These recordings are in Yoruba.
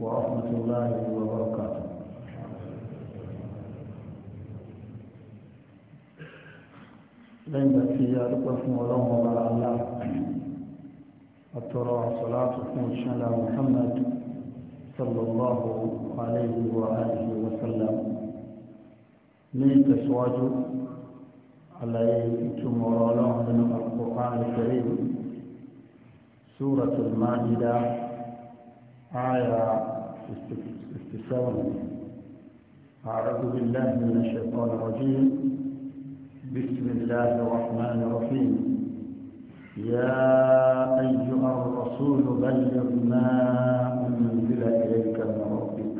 ورحمة الله وبركاته لن تكفي ربكم ولهم ولا الله الترى صلاة على محمد صلى الله عليه وآله وسلم من تسواجه على يتمر لهم من القرآن الكريم سورة المائدة آية استسامة أعوذ بالله من الشيطان الرجيم بسم الله الرحمن الرحيم يا أيها الرسول بلغ ما أنزل إليك من ربك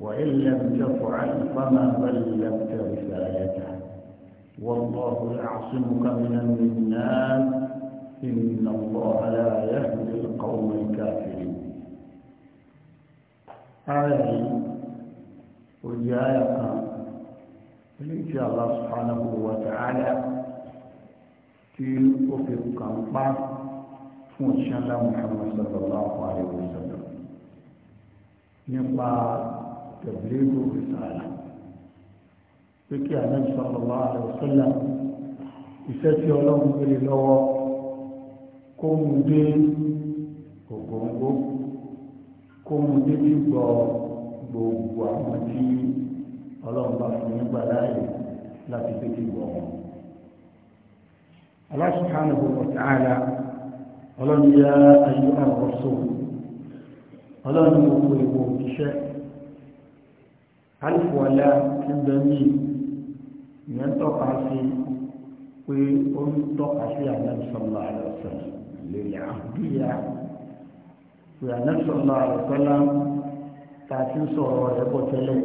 وإن لم تفعل فما بلغت رسالته والله يعصمك من الناس إن الله لا يهدي القوم الكافرين àyà yìí ó jẹ́ àyà kan eléyìí Allah subhanahu wa ta'ala tí ó fi kàn pa fún òṣìṣẹ́lá Muhammad sallallahu alaihi wa sallam nípa tẹ̀blẹ́gù ìsàlá pé kí Ànábì sallallahu alaihi wa sallam tí ọlọ́run gbé lọ́wọ́ kó mú dé kó mu débi gbọ́ gbogbo àwọn tí ọlọ́run bá fún yín gbà láàyè láti débi gbọ́ wọn. Allah subhanahu wa ta'ala ọlọ́run yá ayé ọ̀rọ̀ sóòrò ọlọ́run gbogbo ìwò òṣìṣẹ́ alifọ̀ọ́lá ti ń bẹ ní ìyẹn tọ́ka sí pé ó ń tọ́ka sí àlẹ́ sọ́lá àlọ́ sọ́lá lè yà pé ànáṣọlá àlùkọ́lá tá a ti ń sọ̀rọ̀ rẹ̀ bọ̀ tẹ́lẹ̀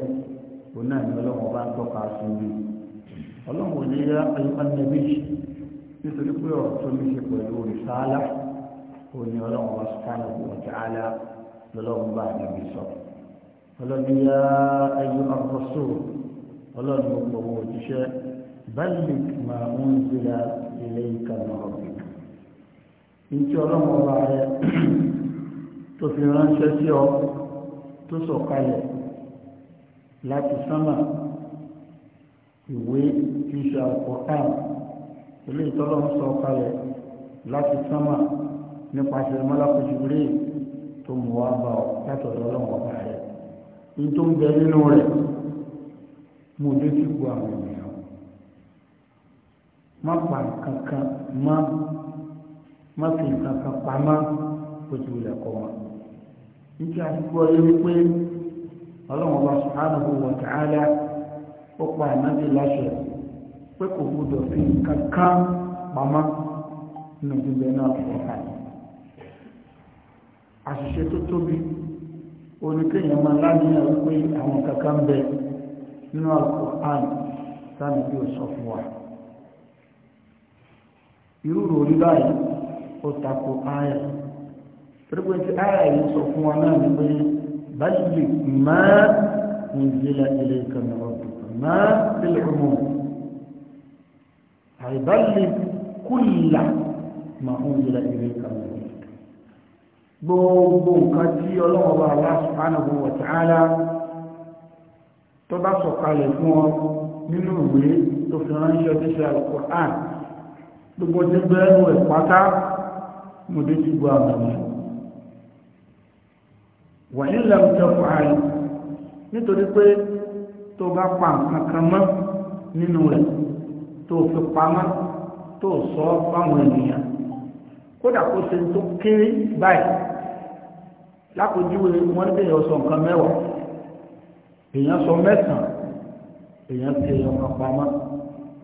òun náà ni ọlọ́run bá ń tọ́ka sí i ọlọ́run ò ní yá ayọ́kánẹ́bí nítorí pé ọ̀rọ̀ tó ní ṣe pẹ̀lú ìsáálá òun ni ọlọ́run bá sọ́kánà bọ̀ jàálá lọ́lọ́run bá níbi sọ ọlọ́run yá ayọ́ àkọ́sọ́ ọlọ́run gbogbo owó òjíṣẹ́ báyìí máa ń zira ilé ìkànnì ọ̀gbìn tó fi ránṣẹ́ sí ọ tó sọ̀kalẹ̀ láti sánmà ìwé tí í ṣe àkọ́kàn ilé ìtọ́lọ́ ń sọ̀kalẹ̀ láti sánmà nípasẹ̀ mọ́lákùnjú rí tó mú wá bá ọ látọ̀ lọ́lọ́wọ́ bá rẹ̀ ní tó ń bẹ nínú rẹ̀ mo lè fi gbọ́ àwọn ènìyàn má pa nǹkan kan má má fi nǹkan kan pamọ́ ojú ilẹ̀ kọ́ wọn. níbi àdúgbò ayé wípé ọlọ́run ọba subhanahu wa ta'ala ó pa ànábì láṣẹ pé kò gbọdọ̀ fi nǹkan kan pamọ́ nínú gbígbẹ náà fún ọ̀hán àṣìṣe tó tóbi oníkéèyàn máa láníyàn wípé àwọn kankan bẹ nínú Al-Qur'an sáàmì bí sọ fún wa irú rò torípé tí àyà yìí sọ fún wa náà ni pé báyìí máa ń zilẹ̀ ilé ìkànnìwọ̀ máa tilẹ̀ mọ́ àìbáyìí kúlà máa ń zilẹ̀ ilé ìkànnìwọ̀ gbogbo nǹkan tí ọlọ́wọ́ bá Allah subhanahu wa ta'ala tó bá sọ̀kalẹ̀ fún ọ nínú ìwé tó fi ránṣẹ́ tó ṣe Al-Qur'an gbogbo tí gbẹ́rù ẹ̀ pátá mo dé ti gbọ́ àmàlẹ́ wà nílẹ̀ òjò fàáyì nítorí pé tó bá pa nǹkan kan mọ́ nínú rẹ̀ tó fi pamọ́ tó sọ fáwọn ènìyàn kódà kó ṣe tó kéré báyìí lápòjúwe wọn ní èèyàn sọ nǹkan mẹ́wàá èèyàn sọ mẹ́sàn-án èèyàn ti èèyàn kan pamọ́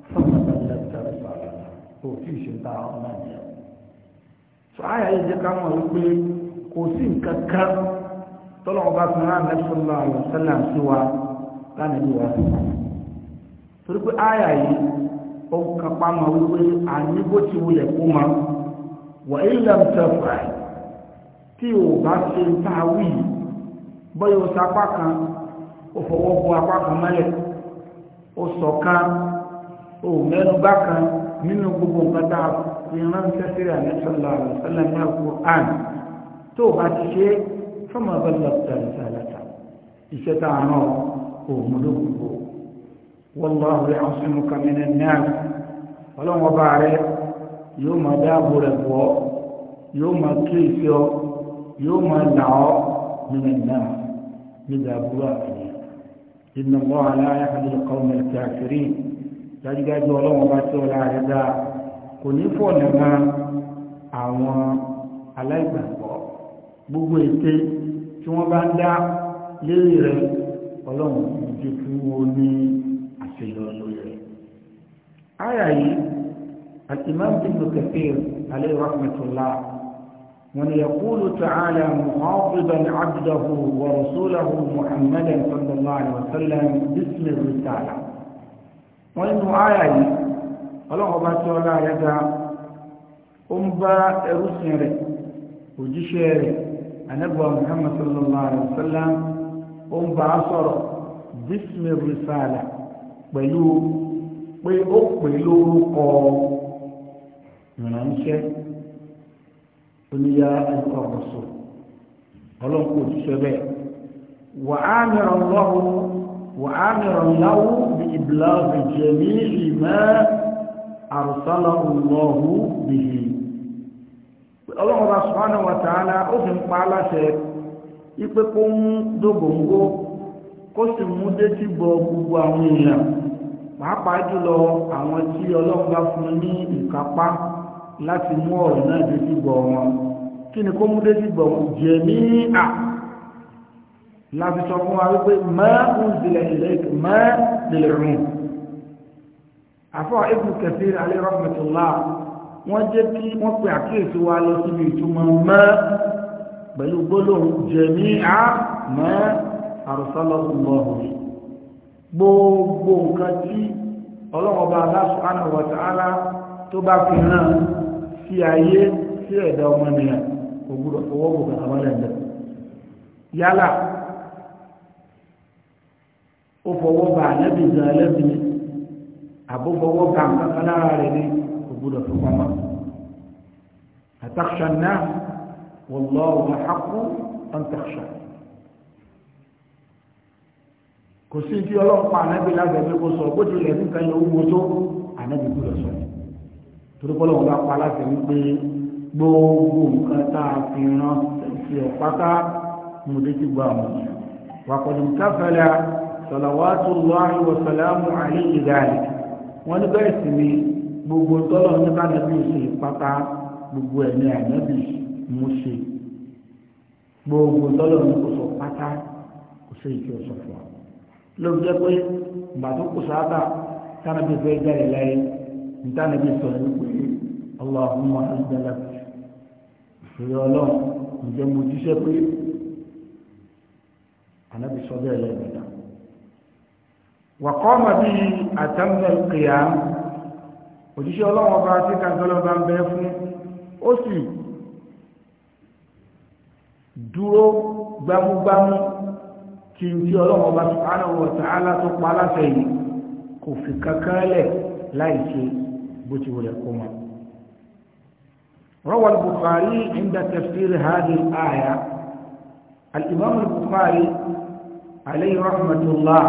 fún ọ̀gá ìlẹ̀ tẹ̀lé pàlọ́ ṣe ta ọmọ ìyẹn. sọ àyà yìí jẹ́ ká mọ̀ wípé kò sí nǹkan kan tọ́lọ̀ ọba fún wa mẹ́sàn-án àwọn sẹ́lẹ̀ sí wa lánàá ní wa sí wa torí pé àyà yìí ó kápá ma wípé àníbó ti wulẹ̀ kó ma wà ilẹ̀ ń tẹ̀ fà ẹ̀ tí ò bá ṣe ń ta wí bọ́yọ̀ sí apá kan ó fọwọ́ bu apá kan mẹ́lẹ̀ ó sọ kan ó mẹ́nu bá kan nínú gbogbo nǹkan tá a fi ránṣẹ́ sílẹ̀ àmì sọ́lá àmì sọ́lá ní àkùrán tó o bá ti ṣe é fama ballagta risalata iṣẹ́ tá a rán kò mú lókùnkò wallahu ya'simuka minan nas ọlọ́wọ́n bá rẹ yóò máa dáàbò rẹ̀ bọ́ yóò máa kéèsì ọ yóò máa là ọ minan nas níbi àbúrò àfihàn inna Allaha la yahdi al-qawma al-kafirin dájúdájú ọlọ́wọ́n bá tí ọlá rẹ̀ kò ní fọ̀nà máa àwọn aláìgbàgbọ́ gbogbo ète tí wọ́n bá ń dá lérí rẹ ọlọ́run ìdí kí wọ́n ní àṣeyọrí lórí rẹ. àyà yìí al-Imam Ibn Kathir alayhi rahmatullah من يقول تعالى مخاطبا عبده ورسوله محمدا صلى الله عليه وسلم باسم الرسالة وإنه آية الله أبا سؤال آية أمبا رسل وجشير anabuwa muhammad sallallahu alaihi wa sallam ó ń bá a sọ̀rọ̀ bísímì rìsàlà pẹ̀lú pé ó pè lórúkọ ìrànṣẹ́ oníyá ẹ̀kọ́ ọ̀sọ̀ ọlọ́nkò òṣìṣẹ́ bẹ́ẹ̀ wà á mìíràn lọ́wọ́ wà á mìíràn láwọ́ bí ìbìlá ọlọ́run ọba subhanahu wa ta'ala ó fi ń pa á láṣẹ ipe kó ń dógòǹgó kó sì mú détí bọ gbogbo àwọn èèyàn pàápàá jùlọ àwọn tí ọlọ́run bá fún ní ìkápá láti mú ọ̀rọ̀ náà détí bọ wọn kí ni kó mú détí bọ wọn jẹ ní à láti sọ fún wa wípé mẹ́ẹ̀kùn ìdílẹ̀ ìlẹ́kùn mẹ́ẹ̀dìlẹ̀ rùn àfọ́ ibùn kẹfì alẹ́ rahmatullah wọ́n jẹ́ kí wọ́n pe àkíyèsí wa lọ síbi ìtumọ̀ mọ́ pẹ̀lú gbólóhùn jẹ̀mí á mọ́ àrùsálọ́wọ́ ọ̀hún gbogbo nǹkan tí ọlọ́wọ́ bá Allah subhanahu wa ta'ala tó bá fi hàn sí ayé sí ẹ̀dá ọmọnìyàn ògbúrọ̀ owó gbogbo yálà ó fọwọ́ bá àlẹ́bìnrin àlẹ́bìnrin àbó fọwọ́ bá nǹkan kan lára rẹ̀ ni gbọ́dọ̀ tó pamọ́ àtàkṣà náà wallahu ahaqqu an takhsha kò sí ibi ọlọ́pàá ànábì lágbẹ̀ẹ́ kó sọ bó tilẹ̀ nǹkan yẹn wúwo tó ànábì gbọ́dọ̀ sọ torí pé ọlọ́run bá pa láti wípé gbogbo nǹkan tá a fi ran sí ọ̀pátá mo ti gba àwọn ènìyàn wàkọ̀dùn káfẹ́lá salawatullahi wa salamu alayhi dhalik wọ́n ní bẹ́ẹ̀ sì ni gbogbo tọ́lọ̀ ní na ṣe pátá gbogbo ẹ̀ ní mú ṣe gbogbo tọ́lọ̀ ní kò sọ pátá kò sí ìjọ sọ fún wa ló jẹ́ pé ìgbà tó kò sáábà kánẹ́bí fẹ́ jáde láyé ní kánẹ́bí sọ pé ọlọ́run ǹjẹ́ mo jíṣẹ́ pé ànẹ́bí sọ bẹ́ẹ̀ lẹ́gbẹ̀dá wàkọ́ ọmọ àtàmúlẹ̀ kìíyà òjíṣẹ́ ọlọ́run ọba tí kàńtọ́lọ́ba ń bẹ fún ó sì dúró gbámúgbámú kí n tí ọlọ́run ọba subhanahu wa ta'ala tó pa aláṣẹ yìí kò fi kankan lẹ̀ bó ti wọlé kó mọ́. روى البخاري عند تفسير هذه الآية الإمام البخاري عليه رحمة الله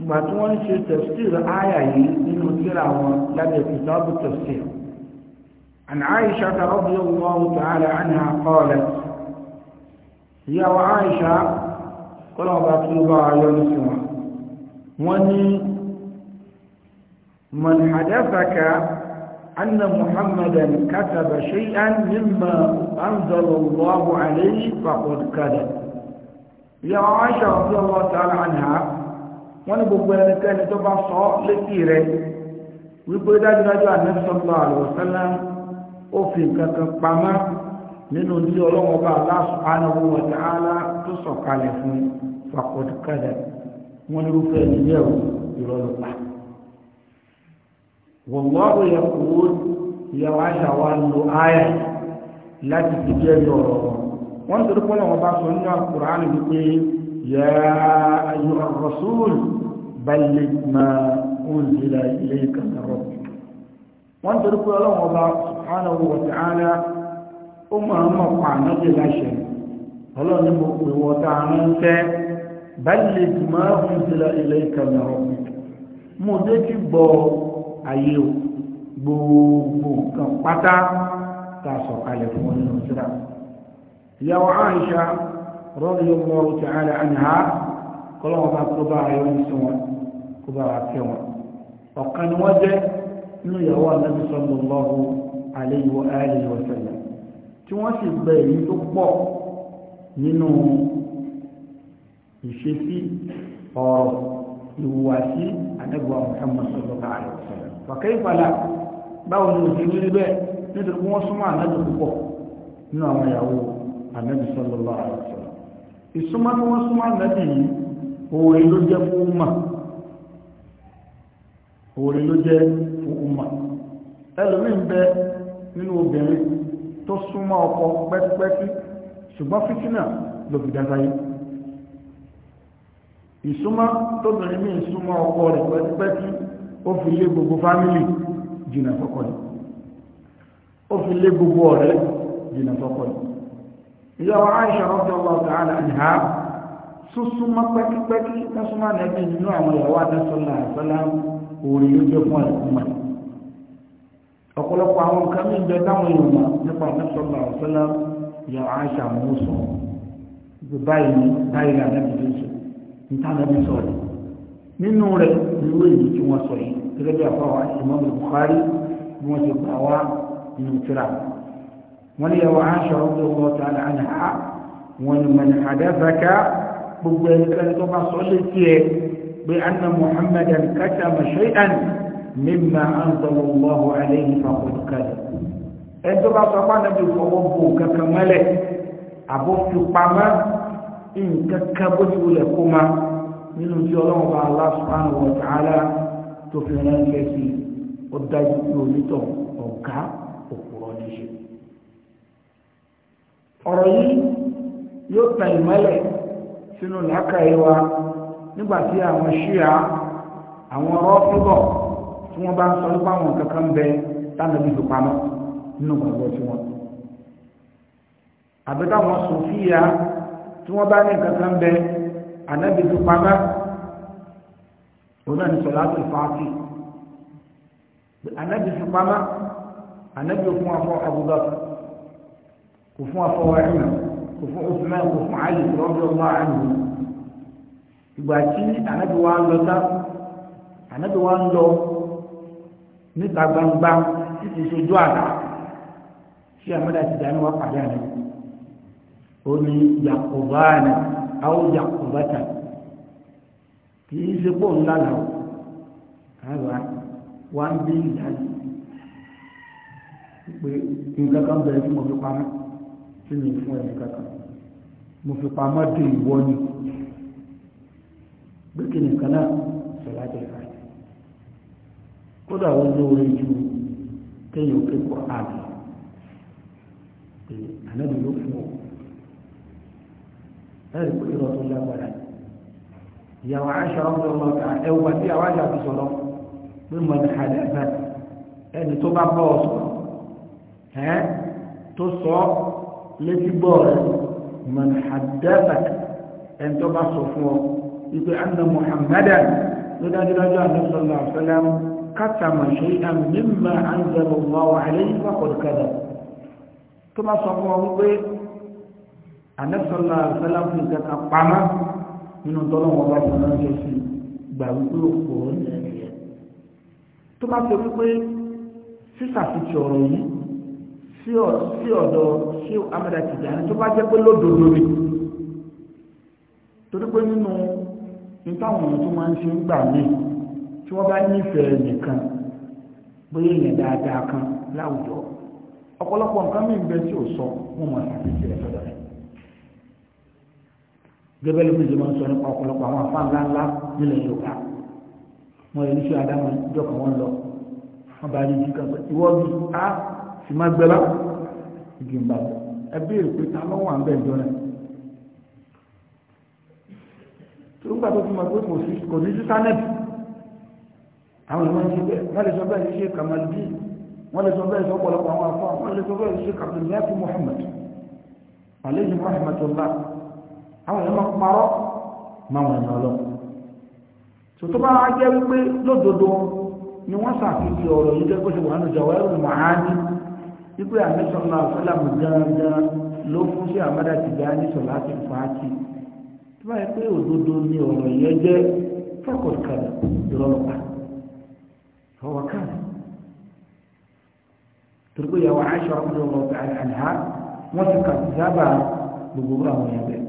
ìgbà tí تفسير ń ṣe tafsir àyà yìí nínú tírà عن عائشة رضي الله تعالى عنها قالت هي وعائشة قل بطلبا ينسوا وني من حدثك أن محمدا كتب شيئا مما أنزل الله عليه فقد كذب يا عائشة رضي الله تعالى عنها wọ́n ní gbogbo ẹnikẹ́ni tó bá sọ létí rẹ̀ wípé dájúdájú ànábì sallallahu alaihi wasallam ó fi nǹkan kan pamọ́ nínú tí ọlọ́wọ́ bá Allah subhanahu wa ta'ala tó sọ̀kalẹ̀ fún faqad kada wọ́n ní irúfẹ́ ìyẹ́ ò ìrọ̀lù pa. wallahu yaqul ìyàwó àṣà wa ń lo ayà láti fi jẹ́ ọ̀rọ̀ wọn torí pé bá sọ nínú Al-Qur'an wípé يا أيها الرسول بلغ ما أنزل إليك من ربك وأنت ركو الله سبحانه وتعالى أمها مقعنة لا شيء الله نمك وتعالى بلغ ما أنزل إليك من ربك mo dé kí bọ ayé o gbogbo nǹkan pátá tá a sọ̀kalẹ̀ fún ọ nínú síra ìyàwó Àìṣà رضي الله تعالى عنها قال وما قبع يوم سوى قبع كوى وقد وجد انه يروى النبي صلى الله عليه واله وسلم تواسي بين تقبع منه ìṣesí ọ̀rọ̀ ìwùwàsí àdẹ́gbà Muhammad sallallahu alaihi wasallam wàkẹ́ ìfàlà báwo ni òṣèlú rí bẹ́ẹ̀ nítorí wọ́n súnmọ́ ànábì púpọ̀ nínú àwọn ìyàwó ànábì sallallahu alaihi wasallam ìsúnmọ́ tí wọ́n súnmọ́ ànábì yìí òòrè ló jẹ́ fún ọmọ òòrè ló jẹ́ fún ọmọ ń bẹ nínú obìnrin tó súnmọ́ ọkọ ṣùgbọ́n ló fi dáta yìí ìsúnmọ́ tóbìnrin súnmọ́ ọkọ rẹ̀ pẹ́kipẹ́kí ó fi lé gbogbo fámìlì ó fi gbogbo ọ̀rẹ́ jìnnà sọ́kọ ìyàwó Aisha radiyallahu ta'ala anha súnmọ́ pẹ́kípẹ́kí lọ́sùnmọ́ nàbí nínú àwọn ìyàwó adásọ́lá àṣọlá òòrè yóò jẹ́ fún àìkúmọ̀ ọ̀pọ̀lọpọ̀ àwọn nǹkan mí bẹ táwọn èèyàn mọ̀ nípa adásọ́lá àṣọlá ìyàwó Aisha mú sọ báyìí ni báyìí ni ànábì tó sọ níta ànábì sọ rẹ nínú rẹ ìwé yìí tí wọ́n sọ yìí gẹ́gẹ́ bí àfọwọ́ Imam Bukhari wọ́n ní ẹwà aṣọ ọdún ọgbọ́n tó àlà àná ha wọ́n ní mọ̀nà àdáfẹ́ká gbogbo ẹnikẹ́ni tó bá sọ létí ẹ pé anna muhammad kata mashai'an mímà án tọ́lọ́ ọgbọ́n àlẹ́yìn fàkọ̀tù kalẹ̀ ẹ tó bá sọ pàdé bí fọwọ́ bò kankan mẹ́lẹ̀ àbó fi pamọ́ nǹkan kan bó ti wulẹ̀ kó ma nínú tí ọlọ́run bá Allah subhanahu wa tó fi ránṣẹ́ sí ó dájú onítọ̀ ọ̀gá ọ̀rọ̀ yìí yóò tàn ìmọ́lẹ̀ sínú làákàyè wa nígbàtí àwọn ṣíà àwọn rọ́fíbọ̀ tí wọ́n bá ń sọ nípa àwọn kankan bẹ tánàbí fi pamọ́ nínú gbàgbọ́ tí wọ́n àbí táwọn sòfíà tí wọ́n bá ní kankan bẹ ànábì fi pamọ́ òun náà ní sọ̀lá tó fàákì ànábì fi pamọ́ ànábì fún afọ Abubakar kò fún afọwọ́ ẹ̀yàn kò fún Usman kò fún Ali rọ́bì ọmọ àánú ìgbà tí ànábì wa ń lọ tá ànábì wa ń lọ níta gbangba títí sojú àná tí àmọ́dá ti dání wá pàdé àná ó ní yàkùbá àná àwọn yàkùbá tà kì í ṣe pọ̀ ńlá làwọn àwa wá ń bí ìdájọ́ pé nǹkan kan bẹ̀rẹ̀ fún ọdún pamọ́ tí mi fún ẹni kankan mo fi pamọ́ dé ìwọ ni pé kí nìkan náà sọlá jẹ ìfàyè kódà wọn lóore ju kéèyàn kékọ̀ọ́ àgbà pé ànábì ló fún ọ ẹ̀rí pé ìrọ̀ tó lágbára ìyàwó aṣọ ọmọdé ọmọ ọ̀gá ẹwù àti ìyàwó aṣọ àti sọ̀rọ̀ pé mo ní àdẹ́gbẹ́ ẹni tó bá bọ́ ọ sọ̀rọ̀ ẹ́ tó sọ ọ́ létí gbọ́ rẹ̀ man haddathak ẹni tó bá sọ fún ọ wípé anna muhammadan ló dájú dájú àdúgbò àfẹlẹ́m kátàmà ṣe àm mímà anzala Allahu alayhi faqad kadha tó bá sọ fún ọ wípé anẹ́sọ̀lá àfẹlẹ́m fún ìkẹta pamọ́ nínú tọ́lọ́wọ́ bá fún ọ ṣe sí gbà wípé òkú ó nìyẹn tó bá sọ wípé sísàfihàn ọ̀rọ̀ yìí sí ọ̀dọ̀ sí ti Tìjàní tó bá jẹ́ pé lódodo rẹ̀ torí pé nínú nítawọn ọ̀nà tó máa ń ṣe ń gbà mí tí wọ́n bá nífẹ̀ẹ́ nìkan bóyá èèyàn dáadáa kan láwùjọ ọ̀pọ̀lọpọ̀ nǹkan mí bẹ tí ò sọ wọn mọ̀ sàkíyèsí rẹ̀ sọ́dọ̀ rẹ̀ gẹ́gẹ́ ló fi ṣe máa ń sọ nípa ọ̀pọ̀lọpọ̀ àwọn àfa ńlá ńlá nílẹ̀ Yorùbá wọn lè ní sọ adámọ̀ ìjọ kan wọn lọ wọn bá rí ìdí kan pé ìwọ bíi a tí má gbẹ lá igi ń bá ta lọ́wọ́ à ń jọ náà tó ń gbà tó fi mọ̀ pé kò sí kò ní sísánẹ́ẹ̀tì àwọn lè sọ ṣe lè sọ sọ àwọn Muhammad alayhi àwọn wọn lọ bá wípé lódodo ni wípé àmísọ̀nà àfọlámù gángan ló fún sí àmàdà tìjà nísọ̀ láti fàájì tí wọ́n yẹ pé òdodo ni ọ̀rọ̀ yẹn jẹ́ fọ́kọ̀tàkàdà ìrọ̀lọ́pà fọwọ́kàdà torí pé ìyàwó aṣọ àkùnrin ọmọ ọ̀gá àlá wọ́n ti kà sí sábà gbogbo àwọn yẹn bẹ́ẹ̀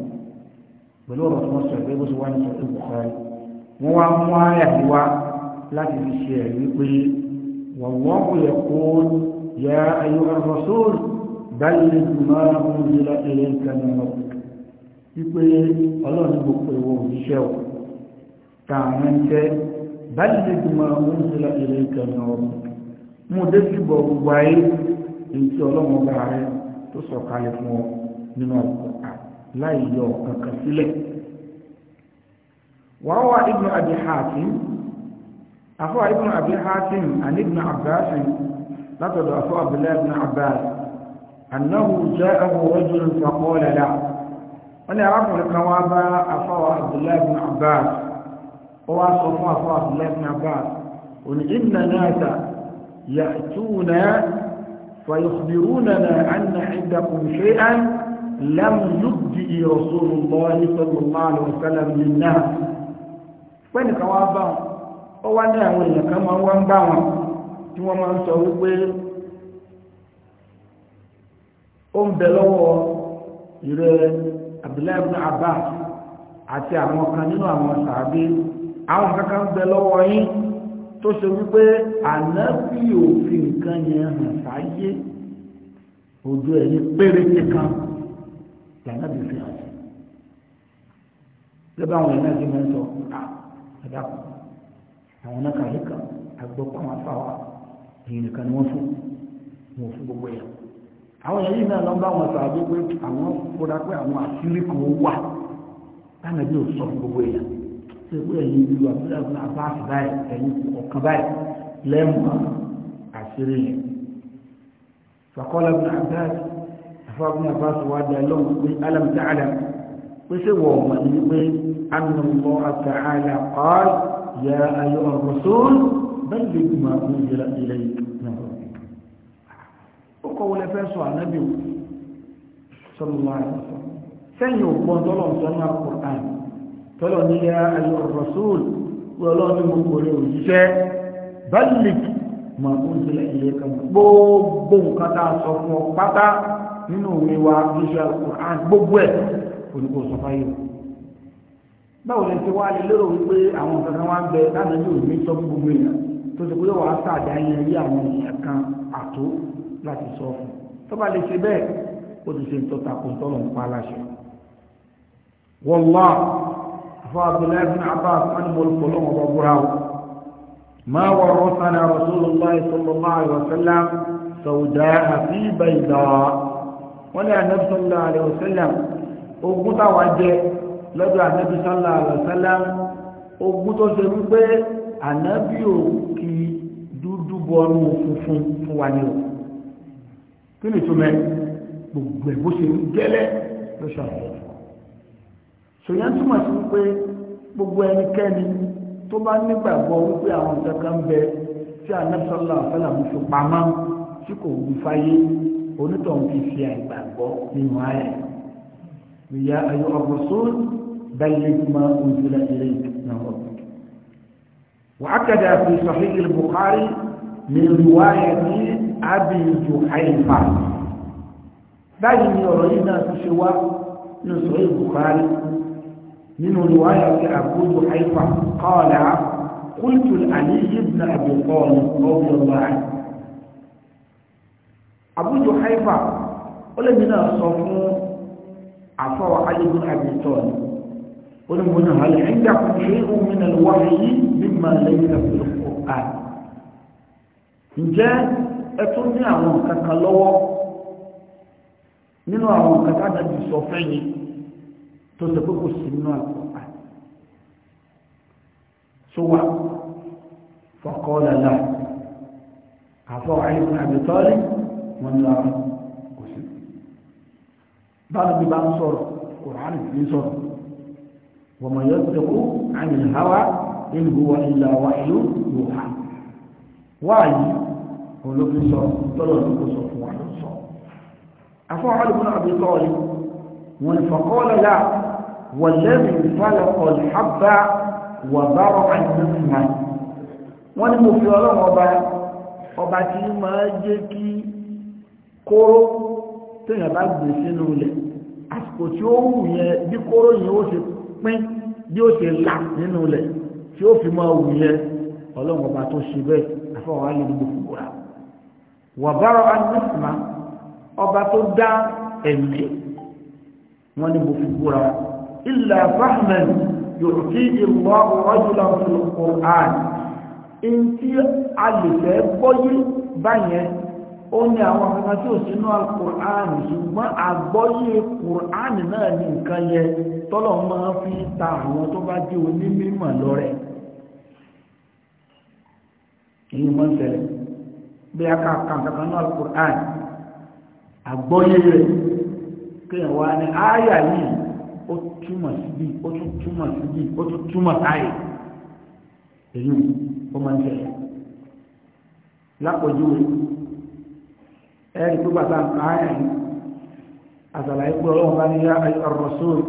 pẹ̀lú ọ̀rọ̀ tí wọ́n sọ ẹgbẹ́ bó ṣe wá ní sọ ìbùkọ́rẹ́ wọ́n wá mú àyà yìí láti fi ṣe ẹ̀rí pé wọ́n wọ́n kò yẹ kó يا أيها الرسول بلغ ما أنزل إليك من ربك wípé ọlọ́run gbogbo ìwọ òṣìṣẹ́ ò tààrin tẹ́ báyìí lè gbọmọ ohun tí láti ilé ìkẹyìn ọ̀rọ̀ mú débi bọ̀ gbogbo ayé èyí tí ọlọ́run ọba rẹ tó sọ̀kalẹ̀ kankan sílẹ̀. wàá wá ibnu abi hatim afọ ibnu abi hatim àní ibnu abdulhasim látọ̀dọ̀ àfọ́ abdullahi ibn abbas annahu ja'ahu rajul faqala la wọ́n ní arákùnrin kan wá bá àfọ́ abdullahi ibn abbas ó wá sọ fún àfọ́ abdullahi ibn abbas òní inna nasa ya'tuna فيخبروننا أن عندكم شيئا لم يبدئ رسول الله صلى الله عليه وسلم للناس wẹ́nì kan wá bá wọn ó wá ní àwọn èèyàn kan máa ń wá ń bá wọn tí wọ́n máa ń sọ wípé ó ń bẹ lọ́wọ́ ìrẹ́ Abdullahi ibn Abbas àti àwọn kan nínú àwọn sàábé àwọn kankan ń bẹ lọ́wọ́ yín tó ṣe wípé ànábì òfin nǹkan yẹn hàn sáyé ojú ẹni péréte kan lànàbì fi hàn sí lẹ́bàá àwọn èèyàn náà ti máa sọ àdàpọ̀ ah, àwọn náà kàyé kan àgbọ̀pọ̀ àwọn afáwà èyí nìkan ni wọ́n fún wọn fún gbogbo èèyàn àwọn èèyàn yìí náà lọ bá wọn sọ àbí pé àwọn fúra pé àwọn àṣírí kan wà táwọn ẹbí ò sọ fún gbogbo èèyàn ṣe pé ẹ̀yin ìlú àbúrò àbá àṣìbá ẹ̀yin ọ̀kan báyìí lẹ́mú àṣírí yẹn fàkọ́lá bí àbá àfọ́gbọ́n àbá sọ wá dá lọ́wọ́ pé alámùtáàlà pé ṣé wọ̀ ọ̀mọ̀ ni pé anamọ́ àtàlà kọ́ ya ayọ̀ ọ̀rọ̀ sóòlù bẹ́ẹ̀ lè gbìmọ̀ àbúrò ìlẹ̀ ìlẹ̀ ẹ̀kọ́ wọlé fẹ́ sọ ànábì wò sẹ́yìn tọ́lọ̀ ní yá rasul òjíṣẹ́ balik ma ń ilé gbogbo a sọ fún pátá nínú òwe wa jíṣẹ́ al gbogbo ẹ̀ oníkó sọ fáyé báwo lè ti wá lè lérò wípé àwọn kankan wá ní sọ gbogbo èèyàn tó ti pé wàá láti sọ fún tó bá lè ṣe bẹ́ẹ̀ ó ti ṣe ń tọ́ta kó tọ́nà ń pa aláṣẹ. wọ́lá afọ abdullahi bin abbas anamọ̀lù kọlọ́mọ̀ bá búra o máa wà rọ́sánà rasulullah sallallahu alayhi wa sallam sawuda àfi bayda wọ́n ní anabi sallallahu alayhi wa sallam ogun táwa jẹ lọ́dọ̀ anabi sallallahu alayhi ogun tó ṣe wípé anabi ò kí dúdú bọ́ọ̀nù funfun fún wa ní o kí ni ìtumẹ̀ gbogbo ẹ̀ bó ṣe ń gẹ́lẹ́ ló ṣàlàyé ṣòyàn túmọ̀ sí wípé gbogbo ẹnikẹ́ni tó bá nígbàgbọ́ wípé àwọn kankan bẹ tí anẹ́sọ́lá àfẹ́là mú fi pamọ́ tí kò wù fáyé onítọ̀hún ti fi àìgbàgbọ́ nínú ayẹ̀ ìyá ayọ̀ ọ̀gbọ̀sọ́rọ̀ بلغ ما أنزل إليك من ربك وأكد في صحيح البخاري من رواية àbíjù àìfà báyìí ni ọ̀rọ̀ yìí náà ti ṣe wá ní sọ̀rọ̀ ìbùkárí nínú ìwáyà sí àbújù àìfà kọ́ọ̀lá kúlùtù àníyí ibn Abi Talib ọ̀bí ọ̀bá àbújù àìfà ó lè mìíràn sọ fún àfọwọ́ Ali ibn Abi Talib ó ní mo ní hal indakum shay'un min al-wahyi mimma laysa ǹjẹ́ ẹ tún ní àwọn nǹkan kan lọ́wọ́ nínú àwọn nǹkan tá a dájú sọ fẹ́yìn tó sọ pé kò sí nínú àkọ́kọ́ tó wà fọ́kọ́ọ́lá láà àfọ́ àìsàn àbẹ̀tọ́lẹ̀ wọn ni lára kò sí báwọn bí bá ń sọ̀rọ̀ kòrán ní sọ̀rọ̀ wọ́n mọ̀ yóò tẹ̀kú àmì ìhàwá ìlú wa ìlà wa ìlú yóò wá yìí olóbi sọ tọ́lọ̀ tí kò sọ fún wa ló sọ afọ́ alùpùpù àbí tọ́ọ̀lì wọn ni fọ́kọ́lẹ̀ là wọ̀lẹ́bì ìfàlẹ̀ ọ̀lẹ́hàbà wà bárọ̀ àìníkùnmá wọn ni mo fi ọlọ́run ọba ọba tí máa jẹ́ kí kóró téèyàn bá gbé sínú ilẹ̀ àsìkò tí ó wù yẹn bí kóró yẹn ó ṣe pín bí ó ṣe là nínú ilẹ̀ tí ó fi máa wù yẹn ọlọ́run ọba tó ṣe bẹ́ẹ̀ afọ́ wa lè dìbò fún wàbárọ̀ anísìmá ọba tó dá ẹ̀mí wọn ni mo fi búra ilẹ̀ fahman yóò kí ìwọ ọ̀rọ̀jùlọ fún Qur'an in tí a lè fẹ́ gbọ́yé báyẹn ó ní àwọn kankan tí ò sínú Qur'an ṣùgbọ́n àgbọ́yé Qur'an náà ní nǹkan yẹ tọ́lọ̀ máa fi ta àwọn tó bá jẹ́ onímọ̀ lọ́rẹ̀ èyí mọ́ ń tẹ̀lé bí a kà kàn kankan náà alukur'an àgbọ́yé kéèyàn wá ní àyà yìí ó túmọ̀ síbi ó tún túmọ̀ síbi ó tún túmọ̀ èyí máa ń tó bàtà nǹkan àtàlàyé pé ọlọ́run bá ní yá ọ̀rọ̀ sóòrò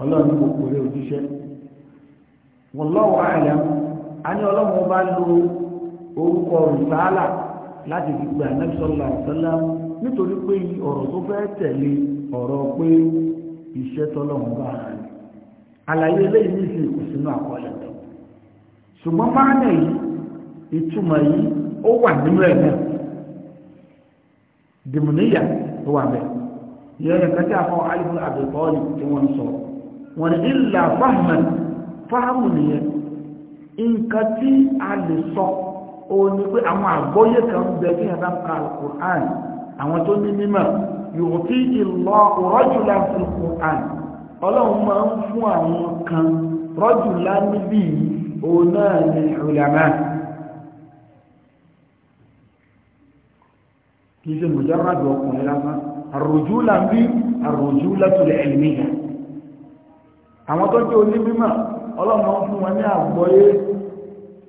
ọlọ́run kò òjíṣẹ́ láti fi gba Ànábì sallallahu nítorí pé ọ̀rọ̀ tó fẹ́ tẹ̀lé ọ̀rọ̀ pé iṣẹ́ tọ́lọ́run bá rẹ̀ àlàyé eléyìí ní ìsìn kò sínú àkọọ́lẹ̀ tó ṣùgbọ́n máànà yìí ìtumọ̀ yìí ó wà nínú ẹ̀ náà dìmúníyà ó wà bẹ́ẹ̀ ìyẹn nǹkan tí a fọ alifun àbẹ̀kọ́ọ̀lì tí wọ́n ń sọ wọ́n ní ìlà ó ní pé àwọn àgbọ́yé kan ń bẹ bí ẹ bá ń ka alukur'an àwọn tó ní mímọ̀ yòó tí ìlọ rọ́jùlá fi kur'an ọlọ́run máa ń fún àwọn kan rọ́jùlá níbí òun náà ní ìrìnàmá kì í ṣe mùjáràdù ọkùnrin lásán àròjúlá bí àròjúlá tó lè àwọn tó jẹ́ onímọ̀ ọlọ́run máa ń fún wọn ní àgbọ́yé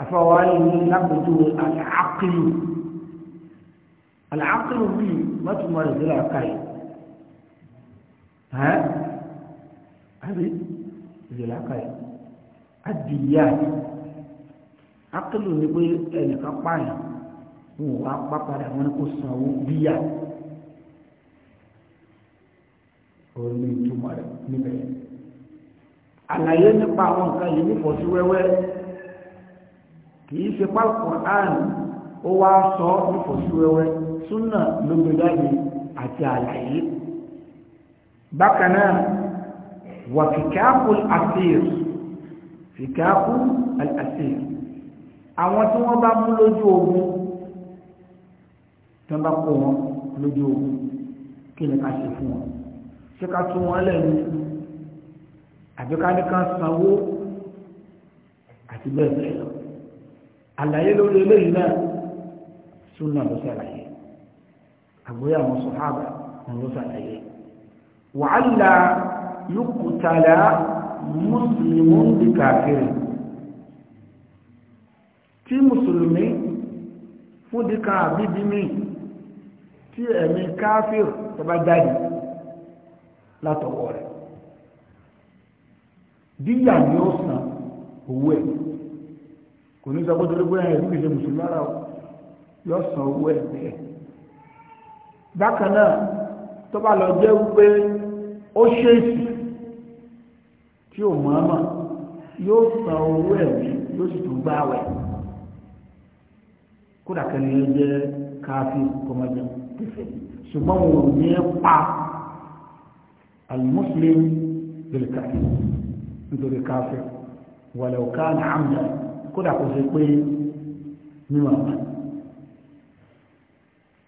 àfọwọ́lì ní lápòjú àlàákìlù àlàákìlù bíi mọ́tòmọ́ rẹ̀ sílẹ̀ ọ̀ka yìí hàn àbí ìdílé ọ̀ka yìí adìyà àkìlù ni pé ẹnìkan pààyàn wọn wá pa padà wọn kò sanwó bíyà òun ní ìtumọ̀ rẹ̀ níbẹ̀ àlàyé nípa àwọn nǹkan yìí nífọ̀ọ́sí wẹ́wẹ́ kìí ṣe Al-Qur'an ó wá sọ nífọ̀síwẹ́wẹ́ súnà lógbèdáde àti àlàyé bákan náà wà fìkáàkù àfíìr fìkáàkù àfíìr àwọn tí wọ́n bá mú lójú ogun tí wọ́n bá kó wọn lójú ogun kí ni ká ṣe fún wọn ṣé ká tún wọn lẹ́nu àbíká ní ká sanwó àti bẹ́ẹ̀ bẹ́ẹ̀ lọ àlàyé lórí eléyìí náà súnà ló ṣàlàyé àgbóyà àwọn sọ̀hábà wọn ló ṣàlàyé wàhálà yókùtàlá mùsùlùmí bí kàfírì tí mùsùlùmí fún díkà bíbí mi tí ẹ̀mí káfírì tó bá jáde látọwọ́ rẹ̀ díyà ni ó san owó ẹ̀mí kò ní sọ pé torí pé ẹ̀rí kìí ṣe mùsùlùmí ara yọ san owó ẹ̀ bẹ́ẹ̀ bákan náà tó bá lọ jẹ́ wípé ó ṣèèṣì tí ò mọ̀ ọ́mọ̀ yóò san owó ẹ̀ yóò sì tún gbá wẹ̀ kódà kẹ́ni ẹ jẹ́ káfí kọ́mọdé kẹfẹ́ ṣùgbọ́n wọn ò ní pa alimuslim lè káfí nítorí káfí wàlẹ̀ òkà ní àmì àti kódà kò ṣe pé mímọ̀ ọ̀pá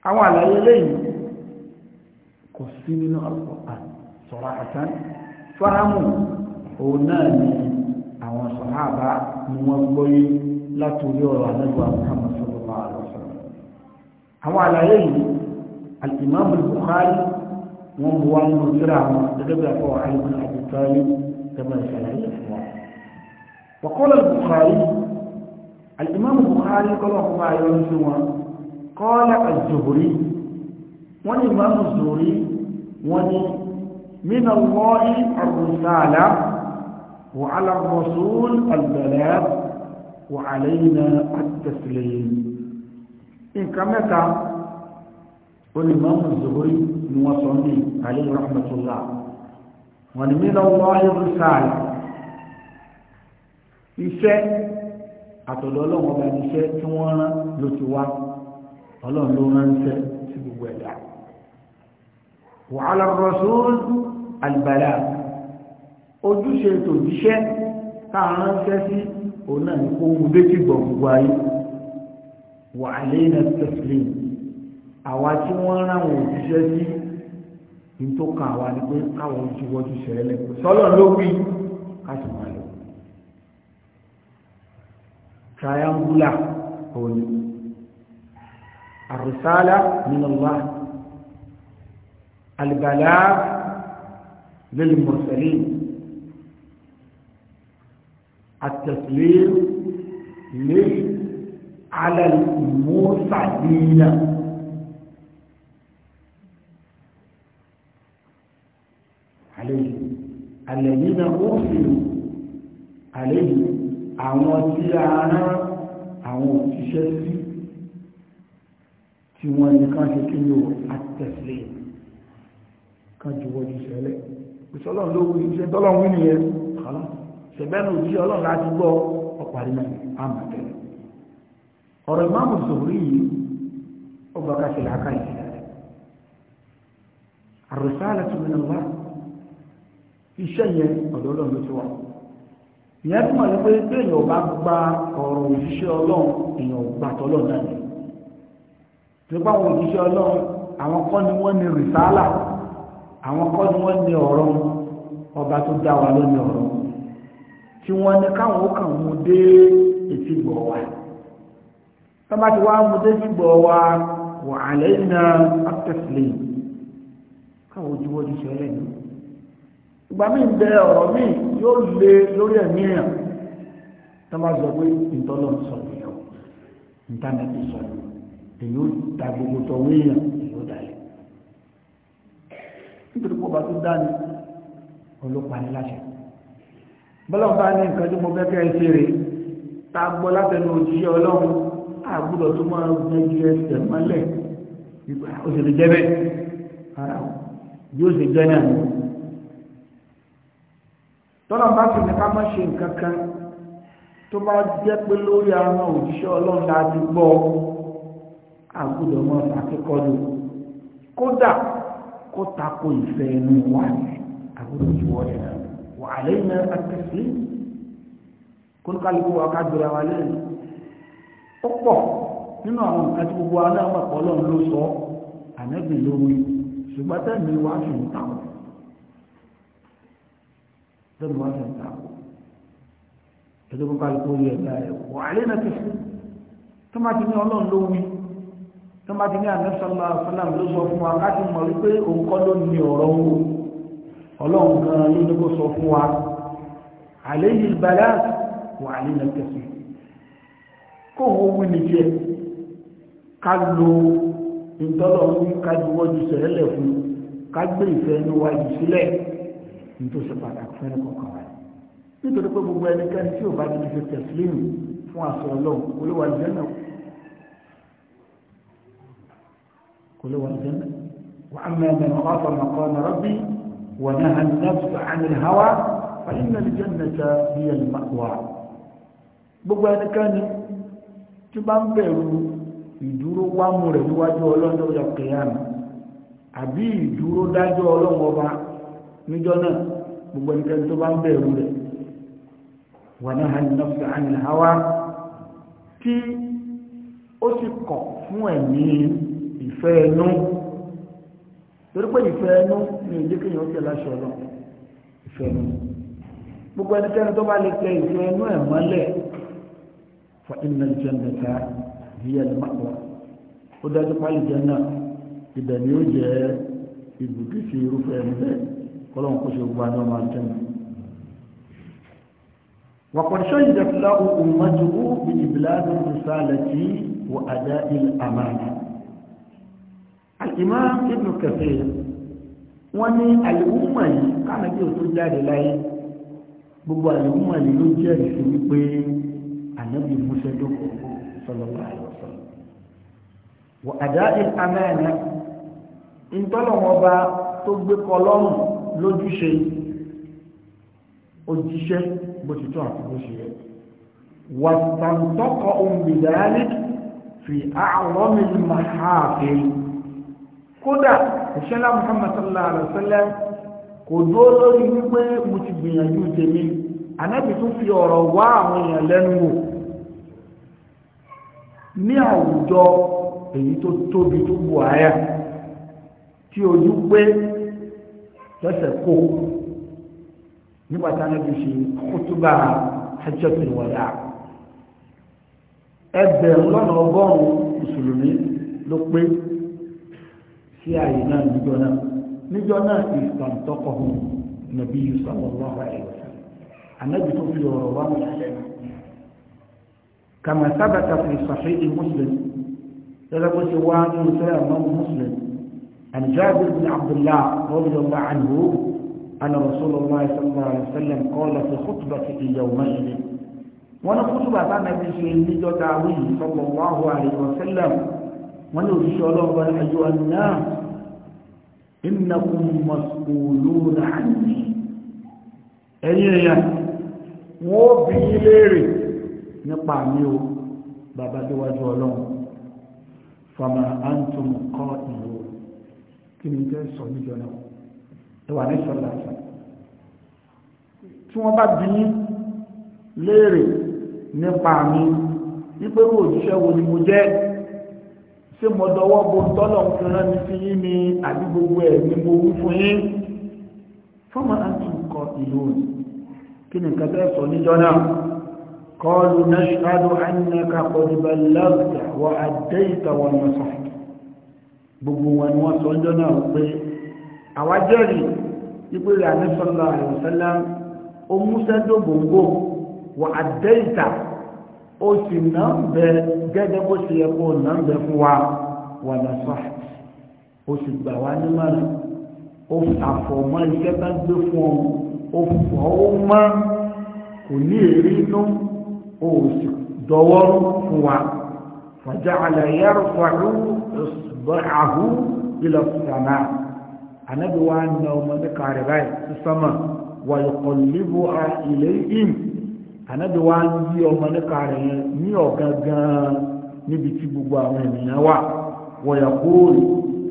àwọn àlàyé lẹ́yìn kò sí nínú ọ̀pọ̀ sọ̀rọ̀ àtàn fárámù òun náà ni àwọn sàhábà ni wọ́n gbọ́yé látòrí ọ̀rọ̀ àlẹ́gbà Muhammad sallallahu alaihi wasallam àwọn àlàyé yìí al-Imam al-Bukhari alìmọ́mù buhari kọ́lọ̀ fún ayọ́ nínú wọn kọ́lá àjòhórí wọ́n ni mọ́mù zòrí wọ́n ni mínà wọ́ọ̀rí àrùsáàlá wà alàmọ̀sùn albẹ̀rẹ̀ wà àlẹ́yìnà àtẹ̀sílẹ̀ nǹkan mẹ́ta wọ́n ni mọ́mù zòrí ni wọ́n sọ àlẹ́yìn àtọ̀dọ̀ ọlọ́run ọba iṣẹ́ tí wọ́n rán ló ti wá ọlọ́run ló ránṣẹ́ sí gbogbo ẹ̀dá wa ala rasul albala ojúṣe tòjíṣẹ́ táwọn ránṣẹ́ sí òun náà ní kó mú létí gbọ̀ gbogbo ayé wa alayna taslim àwa tí wọ́n rán àwọn òjíṣẹ́ sí ní tó kàn àwa ni pé káwọn ojú wọ́n ti ṣẹlẹ̀ sọ́lọ́ ló wí ká تيمبله هون الرسالة من الله البلاغ للمرسلين التسليم لي على المرسلين عليهم الذين أرسلوا عليهم àwọn tí a rán àwọn òṣìṣẹ́ sí tí wọ́n nìkan ṣe kí ní o àtẹ̀lé kan jù wọ́n jù sẹ́lẹ̀ ìṣọ́lọ́run ló wí iṣẹ́ tọ́lọ́run wí nìyẹn kọ́lá ṣẹ̀bẹ́nu òṣìṣẹ́ ọlọ́run láti gbọ́ ọ̀parí náà àmọ̀tẹ́lẹ̀ ọ̀rọ̀ ìmáàmù sòrí yìí ó bá ká ṣe làákà ìṣẹ̀lẹ̀ àrùsálẹ̀ tó ní ọlá iṣẹ́ yẹn ọ̀dọ́ ló ti wà ìyẹn tó mọ̀ ní pé tí èèyàn bá gba ọ̀rọ̀ òjíṣẹ́ ọlọ́run èèyàn gbà tọ́lọ̀ náà ni tí wọ́n àwọn òjíṣẹ́ ọlọ́run àwọn kọ́ ni wọ́n ní rìsálà àwọn kọ́ ni wọ́n ní ọ̀rọ̀ ọba tó dá wa lónìí ọ̀rọ̀ tí wọ́n ní káwọn ó kàn mú dé etí gbọ̀ wa tó bá ti wá mú dé etí gbọ̀ wa wà á lẹ́yìn náà káwọn ojú wọ́n ti ṣe ọlẹ́yìn ìgbà míì bẹ ọ̀rọ̀ míì yóò lé lórí ẹ̀mí èèyàn tó bá sọ pé ìtọ́lọ̀ sọ èèyàn ìtànẹ́tì sọ èèyàn ó da gbogbo tọwọ́ èèyàn èèyàn ó dalẹ̀ nítorí pé ọba tó dání ọlọ́pàá ní láṣẹ bọ́lọ́n bá ní nǹkan tí mo fẹ́ kẹ́ ẹ máa gbẹ́jú ẹsẹ̀ mọ́lẹ̀ ó sì lè jẹ́ yóò sì jẹ́ náà tọ́lá bá sì ní ká má ṣe nǹkan kan tó bá jẹ́ pé lórí àwọn òjíṣẹ́ ọlọ́run la ti gbọ́ àgùdọ̀ mọ́ àkíkọ́lù kódà kó tako ìfẹ́ inú wa àgùdọ̀ ìwọlẹ̀ wà lẹ́yìn àtẹ̀sí kónkálukú wa ká gbéra wa lẹ́yìn ó pọ̀ nínú àwọn nǹkan tí gbogbo aláwọ̀ ọlọ́run ló sọ ànẹ́bì lórí ṣùgbọ́n tẹ́mi wá fi ń tàwọn lórí wọn fẹ́ ta kó ẹjọ́ kó kálukú yẹ ẹ̀dá ẹ̀ wọ àlẹ́ náà kẹsì tó máa ti ní ọlọ́run ló wí tó máa ti ní àmẹ́sọ̀lá fúnà ló sọ fún wa láti mọ̀ wípé òun kọ́ ló ní ọ̀rọ̀ wo ọlọ́run gan ló jẹ ká lo ìtọ́lọ̀ ń kájú wọ́jú sẹ́lẹ̀ fún ká gbé ìfẹ́ ní sílẹ̀ nítorí ṣe pàtàkì fún ẹnìkọ̀ọ̀kan wa nítorí pé gbogbo ẹnikẹ́ni tí ò bá ti fi tẹ̀sílíìmù fún àṣọ ọlọ́run kò lè wà ní jẹ́nà kò lè wà ní jẹ́nà wà á mẹ́ ẹ̀mẹ́ ọ̀rọ̀ ọ̀fọ̀mọ̀ kan ọ̀nà rọ́bì wọ̀n náà hàn náà tó àmì ìhàwá fàyín náà lè jẹ́nà ta bí ẹni máa wà gbogbo ẹnikẹ́ni tí bá ń bẹ̀rù ìdúró wámú rẹ̀ níwájú ọlọ́run lọ́jọ́ àbí ìdúró dájọ́ ọlọ́run ọba níjọ́ náà gbogbo ẹnikẹ́ni tó bá ń bẹ̀rù rẹ̀ wà náà hàn nafsa anil hawa tí ó sì kọ̀ fún ẹ̀mí ìfẹ́ ẹnu torí pé ìfẹ́ ẹnu ni èdè kéèyàn tẹ̀ láṣọ lọ ìfẹ́ ẹnu gbogbo ẹnikẹ́ni tó bá lè tẹ ìfẹ́ ẹnu ẹ̀ mọ́lẹ̀ fa inna jannata hiya al-ma'wa ó dájú pálí jẹ́ náà ìdẹ̀ ni ó jẹ́ ibùdó sí irúfẹ́ ẹni bẹ́ẹ̀ kọ́lọ́n kó ṣe gbogbo àjọ máa jẹun وقد شهدت له أمته بإبلاغ الرسالة وأداء الأمانة الإمام ابن كثير وني الأمة كان يوصل جاري لها gbogbo àlùmọ́ ni ló jẹ́ ìṣe wípé ànábì Mùsá dókò sallallahu alaihi wasallam wa adaa'il amana ìtọ́lọ̀wọ́n ọba tó gbé kọlọ́mù lójúṣe òjíṣẹ́ bó ti tọ́ àti bó ṣe yẹ wàtàntọ́kọ̀ òmìnirí fi àwọ́mí mahàfẹ́ kódà ìṣẹ́lá Muhammad sallallahu alaihi wasallam kò dúró lórí wípé mo ti gbìyànjú tèmi ní àwùjọ èyí tó tóbi tó bù àyà tí ojú pé lọ́sẹ̀ kó nígbà táwọn ẹbí ṣe kútúbà hajjatul wada ẹgbẹ̀rún lọ́nà ọgọ́rùn-ún mùsùlùmí ló pé sí ààyè náà níjọ náà níjọ náà ìfàǹtọ́kọ̀hún nàbí sallallahu alaihi wasallam anábì tó fi ọ̀rọ̀ wá mi lẹ́nu kama fi sahih muslim lọ́dọ̀ bó ṣe wá nínú sẹ́yà عن جابر بن عبد الله رضي الله عنه أن رسول الله صلى الله عليه وسلم قال في خطبة يومئذ وأنا خطبة أنا بشيء دعوي صلى الله عليه وسلم وأنا بشيء الله أيها الناس إنكم مسؤولون عني أيها وبي ليري نقع ميو بابا دواجه لهم فما أنتم قائلون kí ni tẹ́ sọ níjọ náà ẹwà ní sọ lásán tí wọ́n bá bí léèrè nípa mi wípé wo òjíṣẹ́ wo ni mo jẹ́ ṣé mo dọwọ́ bo tọ́lọ̀ ń fi rán mi sí yín ni àbí gbogbo ẹ̀ ni mo wí fún yín fọ́mọ àti nǹkan ìlú òní kí ni nǹkan tẹ́ sọ níjọ náà قالوا نشهد أنك قد بلغت وأديت ونصحت gbogbo wọn ni wọ́n sọ ọjọ́ náà pé àwa jẹ́rìí ipò rẹ̀ àníṣọ́lá àìsọ́lá ó múṣẹ́ tó gbòǹgbò wà á dé ìta ó sì náà ń bẹ gẹ́gẹ́ bó ṣe yẹ kó náà ń bẹ fún wa wà lọ sọ ó sì gbà wá nímọ̀ràn ó àfọ̀mọ́ iṣẹ́ bá gbé fún ọ ó fọ́ ó mọ́ kò ní èrè inú ó sì dọwọ́ fún wa. فجعل يرفع إصبعه إلى السماء أنا بوان نوم ذكارباي السماء ويقلبها إليهم أنا بوان يوم ذكارباي نيو غاغان níbi tí gbogbo àwọn ènìyàn wà ويقول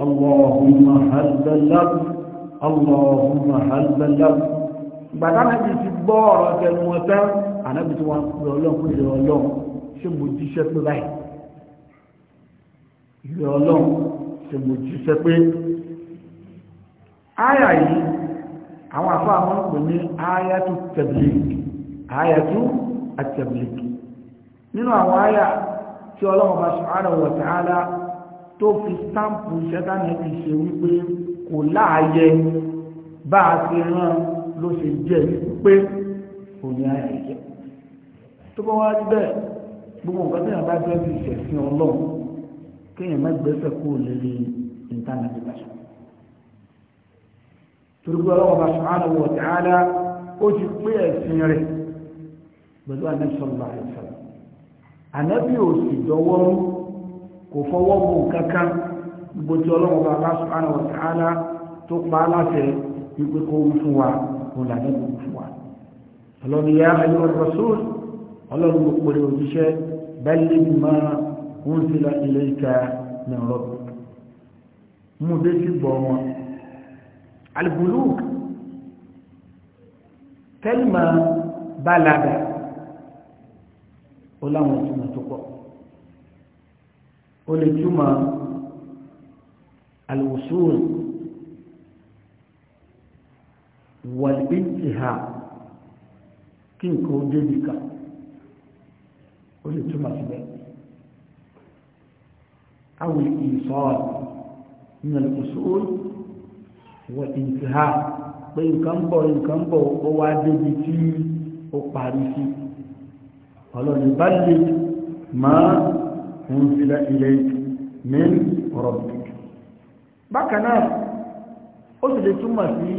اللهم هل بلغ اللهم هل بلغ. gbàdá náà ti gbọ́ ọ̀rọ̀ tẹnu wọn tán ànábì tí wọ́n ń pè ìrẹ ọlọ́run tí mo jíṣẹ́ pé áyà yìí àwọn àfáà wọn pè ní áyà tó tẹ̀blìkì áyà tó àtẹ̀blìkì nínú àwọn áyà tí ọlọ́run bá subhanahu wa ta'ala tó fi stampu ṣẹ́tánẹ́tì ṣe wípé kò láàyè bá a ti rán ló ṣe jẹ́ wípé òní áyà yìí tó bá wá bẹ́ẹ̀ gbogbo nǹkan tí wọ́n bá fẹ́ fi ṣẹ̀sìn ọlọ́run kéèyàn má gbẹ́sẹ̀ kú lórí ìntánẹ́tì báṣọ. torí Ọlọ́hun bá subhanahu wa ta'ala ó ti pé ẹ̀sìn rẹ̀ pẹ̀lú Ànábì sallallahu alaihi wasallam. Ànábì ò sì dọwọ́ kò fọwọ́ bò kankan gbogbo tí Ọlọ́hun bá subhanahu wa ta'ala tó pa á láṣẹ wípé kó wú fún wa kò là ọlọ́run yá ayé wọn rọ̀ sóòlù ọlọ́run gbogbo rẹ̀ òjíṣẹ́ bẹ́ẹ̀ lé unzila ilayka min rabbik mú dé sí bọ̀ wọn albuluk tẹ́lìmà balaga ó láwọn ìtumọ̀ tó pọ̀ ó lè túmọ̀ alwusul wàlìbíntìhà kí nǹkan ó débi ó lè túmọ̀ síbẹ̀ أو الإيصال من الأصول والانتهاء pé nǹkan ń bọ̀ nǹkan ń bọ̀ ó wá débi tí ó parí sí ọlọ́run bá lè máa ń fila ilẹ̀ mẹ́rin ọ̀rọ̀ bákan náà ó sì lè túmọ̀ sí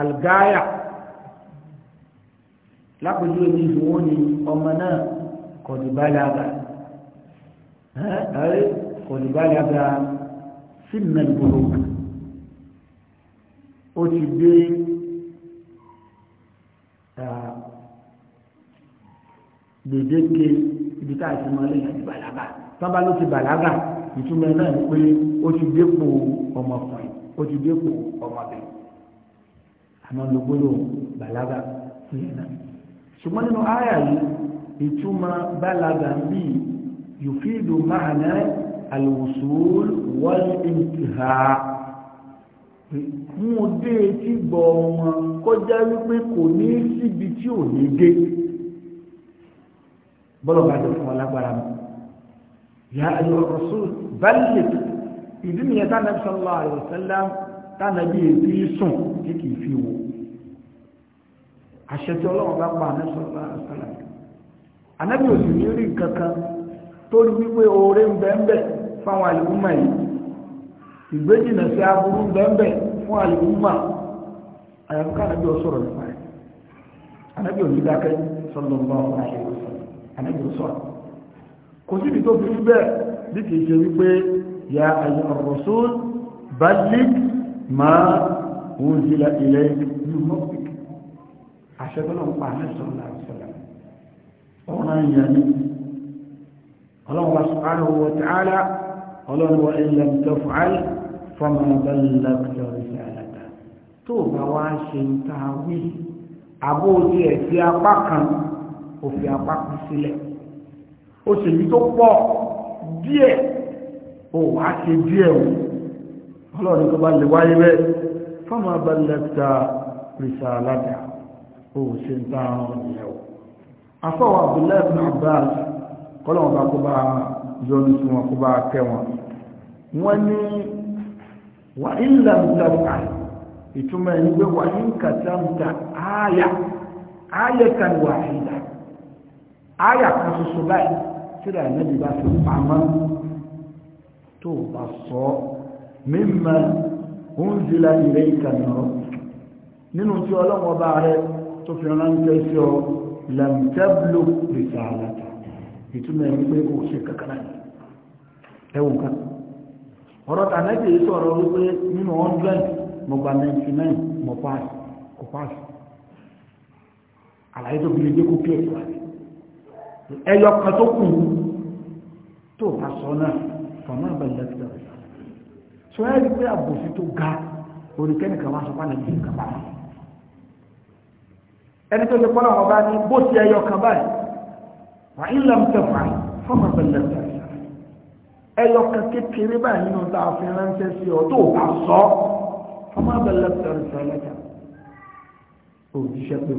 algáyà lápòjú omi ìṣòwò ni ọmọ náà kọ̀dùbálẹ̀ àgbà قد بلغ سن البلوغ ó ti dé gbèdéke ibi tá a ti mọ lẹ́yìn àti bàlágà sábà ló ti bàlágà ìtumọ̀ náà ni pé ó ti dépò ọmọkùnrin ó ti dépò ọmọbìnrin àmọ́ lógbóló bàlágà fún yẹn náà ṣùgbọ́n nínú àyà yìí ìtumọ̀ bàlágà bíi yòfíìlù máa náà alwusul wal-intihā mú dé etí gbọ́ wọn kọjá wípé kò ní síbi tí ò ní dé bọ́lọ̀ bá dé fún alágbára mi yà á yọ rasul bálẹ̀ ìdí nìyẹn tá nàbí sallallahu alaihi wasallam tá nàbí ètí sùn tí kì fi wò àṣẹ tí ọlọ́run bá pa nàbí sallallahu alaihi wasallam òsì ní rí kankan tó rí wípé oore ń bẹ́ẹ̀ bẹ́ẹ̀ fáwọn àlùmọ̀ yìí ìgbéjìnà sí aburú bẹ́ẹ̀ fún àlùmọ̀ àyàfikà ànábì ọ̀sọ̀rọ̀ nípa rẹ̀ ànábì onídàkẹ́ sallallahu alaihi wasallam ànábì ọ̀sọ̀rọ̀ kò síbi tó fi bẹ́ẹ̀ bí kìí ṣe wípé ya ayyuhar rasul balligh ma unzila ilayka min rabbik àṣẹ tó lọ́n pa ànábì sallallahu alaihi wasallam ọ̀ràn ìyẹn ni ọlọ́run wa subhanahu wa ta'ala ọlọ́run wa ilẹ̀ tẹ́fàáì fọmọ abẹ́lẹ̀ pẹ̀lú ìsàlẹ̀ta tó bá wá ṣe ń ta wí àbó ojú ẹ̀ sí apá kan òfin apá kan sílẹ̀ òṣèlú tó pọ̀ díẹ̀ ò wá ṣe díẹ̀ o ọlọ́run tó bá lè wáyé bẹ́ẹ̀ fọmọ abẹ́lẹ̀ ò ṣe ń ta ọ̀rọ̀ yẹn o afọwọ́ abdullahi ibn abbas kọ́lọ́wọ́n bá kó bá a yọnu sí wọn kó bá kẹ́ wọn wọ́n ní wà ilà ntàmùkà ìtumọ̀ ẹni pé wà ní nkàtàmùkà áyà áyà kan wà ìdá áyà kan ṣoṣo báyìí tíra ẹ̀nẹ́bí bá fi pamọ́ tó bá sọ mímọ́ oúnjẹ́lá ilẹ̀ ìkànnà nínú tí ọlọ́wọ́ bá rẹ tó fi ránṣẹ́ sí ọ lẹ́mtẹ́blò rìsàlátà ìtumọ̀ ẹni kò ṣe kankan náà ẹwùn kan ọ̀rọ̀ tànẹ́tì yìí sọ̀rọ̀ wípé nínú hundred mo 99 ninety nine kò àlàyé tó ẹ̀kọ́ ẹyọ kan tó kù tó bá sọ náà fọmọ àbẹ̀lẹ̀ ti dọ̀rọ̀ sọ ẹ́ rí pé àbòsí tó ga oníkẹ́nìkan wá sọ pé àlejò kan ẹni tó wàá ń làm tẹ̀fà fọ́mà bẹ̀lẹ̀ tẹ̀fà ẹyọ kékeré báyìí nínú tá a fi ránṣẹ́ sí ọ tó bá sọ fọ́mà bẹ̀lẹ̀ tẹ̀fà lẹ́jà òjíṣẹ́ pé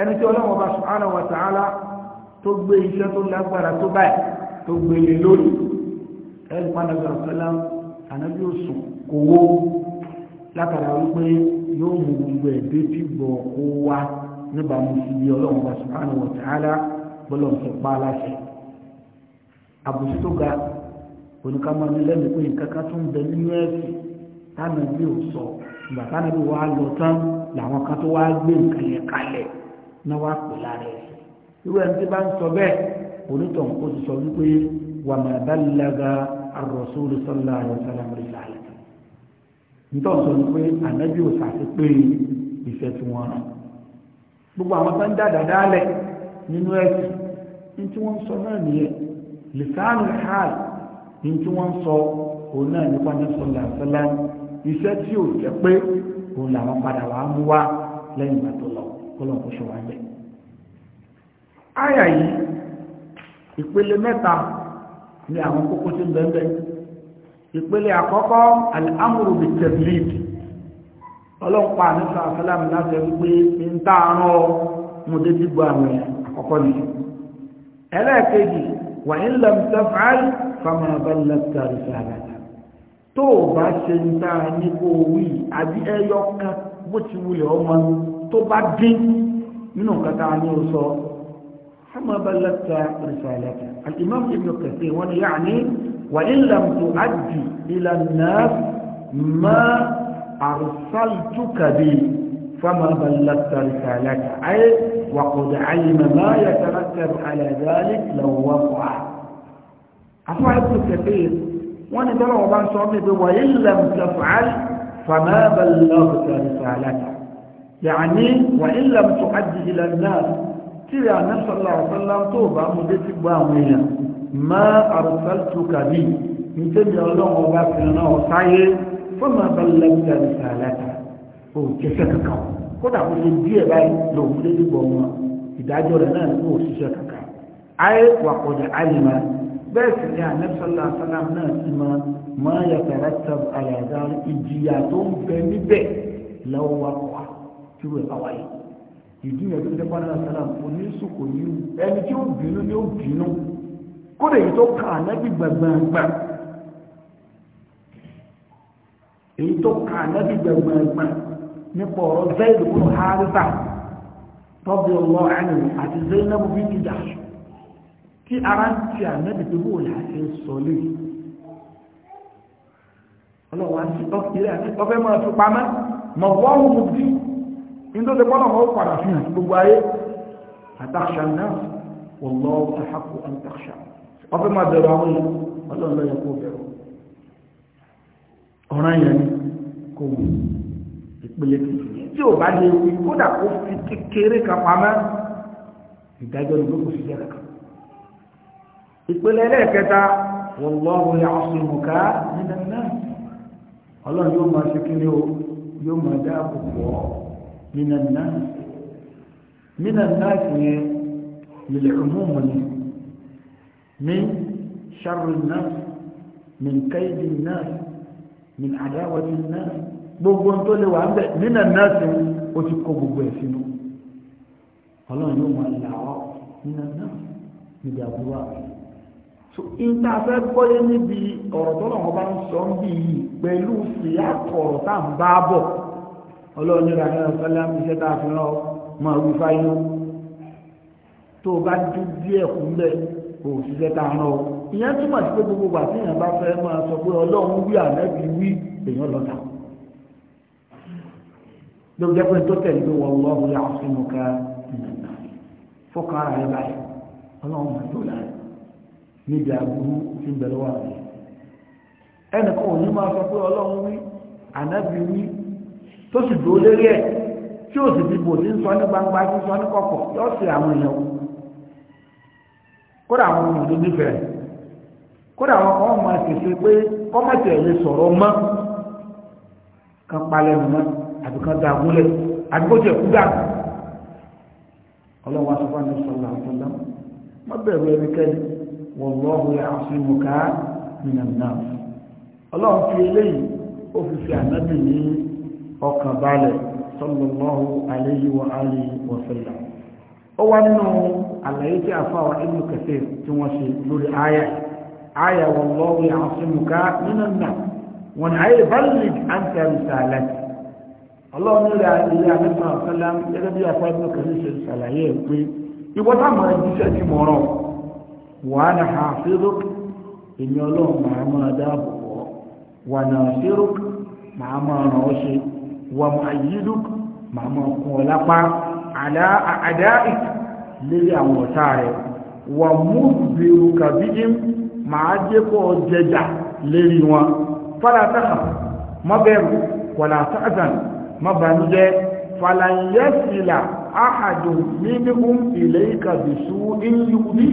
ẹni tí ọlọ́wọ́ bá subhanahu wa ta'ala tó gbé iṣẹ́ tó lágbára tó báyìí tó gbélé lórí ẹni pàdánù àfẹ́lá ànábí òsùn kò wó látara wípé yóò mú gbogbo ẹ̀dẹ́ tí gbọ̀ kó wá níbàámu sí ọlọ́wọ́ bá subhanahu wa ta'ala bọ́lọ̀ ń fi pa aláṣẹ àbùsí tó ga oníkàmọ́ ní lẹ́nu pé nǹkan kan tó ń bẹ nínú ẹ̀sìn táwọn ẹbí ò sọ ìgbà táwọn ẹbí wàá lọ tán làwọn kan tó wàá gbé nǹkan yẹn kalẹ̀ náà wàá pè lára ẹ̀sìn irú ẹni tí bá ń sọ bẹ́ẹ̀ onítọ̀ ó ti sọ wípé wà má balaga ar-rasul sallallahu alaihi wasallam nítorí sọ wípé ànábì ò sàṣepé ìfẹ́ tí wọ́n rán gbogbo àwọn tó ń dá dáadáa lẹ̀ nínú ẹ̀sìn ní tí wọ́n ń sọ náà nìyẹn lìsáàlù hàl ní tí wọ́n ń sọ òun náà nípa ní sọlá sọlá iṣẹ́ tí ò jẹ́ pé òun làwọn padà wàá mú wá lẹ́yìn ìgbà tó lọ kọ́lọ̀ kó ṣe wá ń àyà yìí ìpele mẹ́ta ni àwọn kókó tí ń bẹ́ẹ̀ bẹ́ẹ̀ ìpele àkọ́kọ́ al'amuru bi tablik ọlọ́pàá àníṣà àfẹ́lámi láti ẹgbẹ́ ń tààrán ọmọdé gbígbà àwọn àkọ́kọ́ nìyí ẹlẹ́ẹ̀kejì wà ń lọ tẹ́fàáì fàmàbẹ́lẹ́ tẹ̀rì sàrẹ̀dà tó o bá ṣe ń ta ní kó o wí àbí ẹyọ kan bó ti wulẹ̀ ọmọ tó bá dín nínú nǹkan tá a ní o sọ fàmàbẹ́lẹ́ tẹ̀rì sàrẹ̀dà alimam wọn ni yáà ní wà ń lọ àjì ìlànà máa àrùsálùtù kàbí. فما بلغت رسالتك أي وقد علم ما يترتب على ذلك لو وقع أفعل ابن كثير وأنا ترى وبان صومي وإن لم تفعل فما بلغت رسالتك يعني وإن لم تؤدي إلى الناس ترى النبي صلى الله عليه وسلم توبة مدتك بامية ما أرسلتك به من تبي الله وباكنا وسعيه فما بلغت رسالتك o jẹsẹ kankan kódà kó ṣe díẹ̀ báyìí lòun lé nígbà wọn ìdájọ́ rẹ̀ náà kó ṣiṣẹ́ kankan ayé wàkọjà àyèmá bẹ́ẹ̀ sì ni anẹsọlá sálám náà ti mọ máa yàtàrà tàbí àyàdá ìjìyà tó ń bẹ níbẹ̀ lọ́wọ́ wa kọ wa tí wọn bá wáyé ìdí yẹn tó ń dẹ́pọ̀ náà sálám oníṣù kò ní ẹni tí ó bínú ni ó bínú kódà èyí tó kà ánábì gbàgbàgbà èyí tó kà ánábì gbàgbàgbà nípa ọ̀rọ̀ zaid kúrò haritha tọ́bí ọlọ́ ànìwò àti zainab bíbí dàṣù tí ara ń ti ànábì tó bó là ṣe sọ lóyè ọlọ́wà sí ọkìlẹ̀ àti ọfẹ́ máa fi pamẹ́ mọ̀ wọ́n mú bí nítorí pọ́nà wọ́n padà fi hàn gbogbo ayé àtàkṣà náà wọ́n lọ àtàkṣà ọfẹ́ máa bẹ̀rù àwọn yẹn ọlọ́run kó bẹ̀rù ọ̀ràn yẹn kò wù ìpele kejì tí ò bá lè wí kódà kó fi kékeré kan pamọ́ ìdájọ́ ni gbogbo fi jẹ́ra kan. ìpele ẹlẹ́ẹ̀kẹta wallahu ya'simuka minan nas ọlọ́run yóò máa ṣe kíni o yóò máa dáàbò pọ̀ minan nas minan nas yẹn lílẹ̀ ọmọọmọ ni min sharri an-nas min kaydi an-nas min gbogbo tó lè wà bẹ nínà nọọsì ó ti gbogbo ẹ sínú Ọlọ́run yóò máa ọ nínà náà níbi àbúrò àwọn so ìta fẹ gbọyé níbi ọ̀rọ̀ tó lọ́wọ́ bá ń sọ ń bì yìí pẹ̀lú fìyàkọrọ tá à ń bá yóò rà ní ọsẹlẹ tá a fi rán ọ máa wí fáyọ tó o bá gbogbo bá fẹ́ máa ló jẹ́ pé tó tẹ̀lé pé wọ́n lọ́wọ́ yà ọ́ sínú ká fọ́kàn ara rẹ báyìí ọlọ́run máa dùn láàyè níbi àbúrú tí ń bẹ̀rẹ̀ wà rẹ̀ ẹnìkan ò ní máa sọ pé ọlọ́run wí ànábì wí tó sì dúró lérí ẹ̀ tí ó sì gbangba ń sọ ní kọ̀kọ̀ yóò sì àwọn èèyàn kódà àwọn ọmọ ìlú nífẹ̀ẹ́ kódà àwọn ọmọ pé kọ́mọ̀tì ẹ̀ lè sọ̀rọ̀ mọ́ àbíkan dá gúnlẹ̀ àbíkójú ẹ̀kú dà ọlọ́wọ́ aṣọ fún ẹni sọ̀rọ̀ àtọ́lá má bẹ̀rù ẹnikẹ́ni wallahu ya'simuka minan nas ọlọ́run fi eléyìí ó fi fi ànábì ní ọkàn balẹ̀ sallallahu alayhi wa alihi wa sallam ó wá nínú àlàyé tí àfáwà Ibn Kathir tí wọ́n ṣe lórí àyà àyà wallahu ya'simuka minan nas wọ́n àyè balẹ̀ àǹtà risalati ọlọ́run ní rẹ̀ ilé àdúgbò àfẹ́lá gẹ́gẹ́ bí afẹ́lú kẹ́lí ṣe ṣàlàyé ẹ̀ pé ìwọ́n táwọn ẹ̀jíṣẹ́ ti mọ̀ ọ́rọ̀ wà á nà ha fẹ́rọ́ èmi ọlọ́run màá máa dáàbò wọ́ wà nà fẹ́rọ́ màá máa ràn ọ́ ṣe wà máa yílù màá máa kún ọ lápá àdá àdá ìk lórí àwọn ọ̀tá rẹ̀ wà mú bèrù kàbíyí màá jẹ́ kó ọ jẹjà lérí wọn fọlá tàkà mọ́bẹ̀rù wọ̀là tàkà má bànújẹ́ fàlàyẹ́sìlà áhàdùn mímíhùn ilẹ̀ ìkàbìsú ìyúbí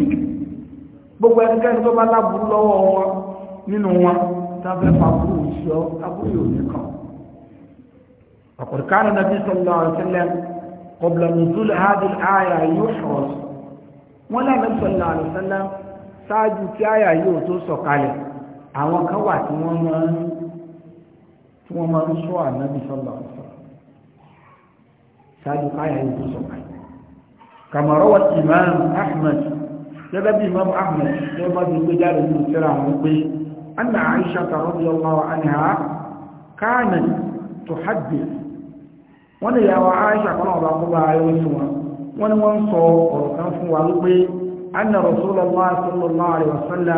gbogbo ẹnikẹ́ni tó bá láburú lọ́wọ́ wọn nínú wọn tàbí fàbúrú ìṣọ́ abúrú yóò nìkan ọ̀pọ̀lọpọ̀ nàbí sọ̀lọ́ ọ̀sẹ̀lẹ̀ kọ̀bùlà nùzúlù hádìí àyà yóò ṣọ̀rọ̀ wọn lànà sọ̀lọ́ ọ̀sẹ̀lẹ̀ ṣáájú tí àyà yóò tó sọ̀kalẹ̀ àwọn kan wà tí wọ́n máa ń sọ ànábì sọ̀lọ́ ọ̀sẹ̀lẹ̀ ṣáájú káyà yìí sọ̀kà kàmọ̀rọ̀ wà imam ahmed gẹ́gẹ́ bí imam ahmed tí wọ́n bá ti gbé jáde nínú síra àwọn pé anna aisha radiyallahu anha kánà tó hajjì wọ́n ni yàwó aisha kan ọba kó bá ayọ́ sí wọn wọ́n ni wọ́n sọ ọ̀rọ̀ kan fún wa wípé anna rasulullah sallallahu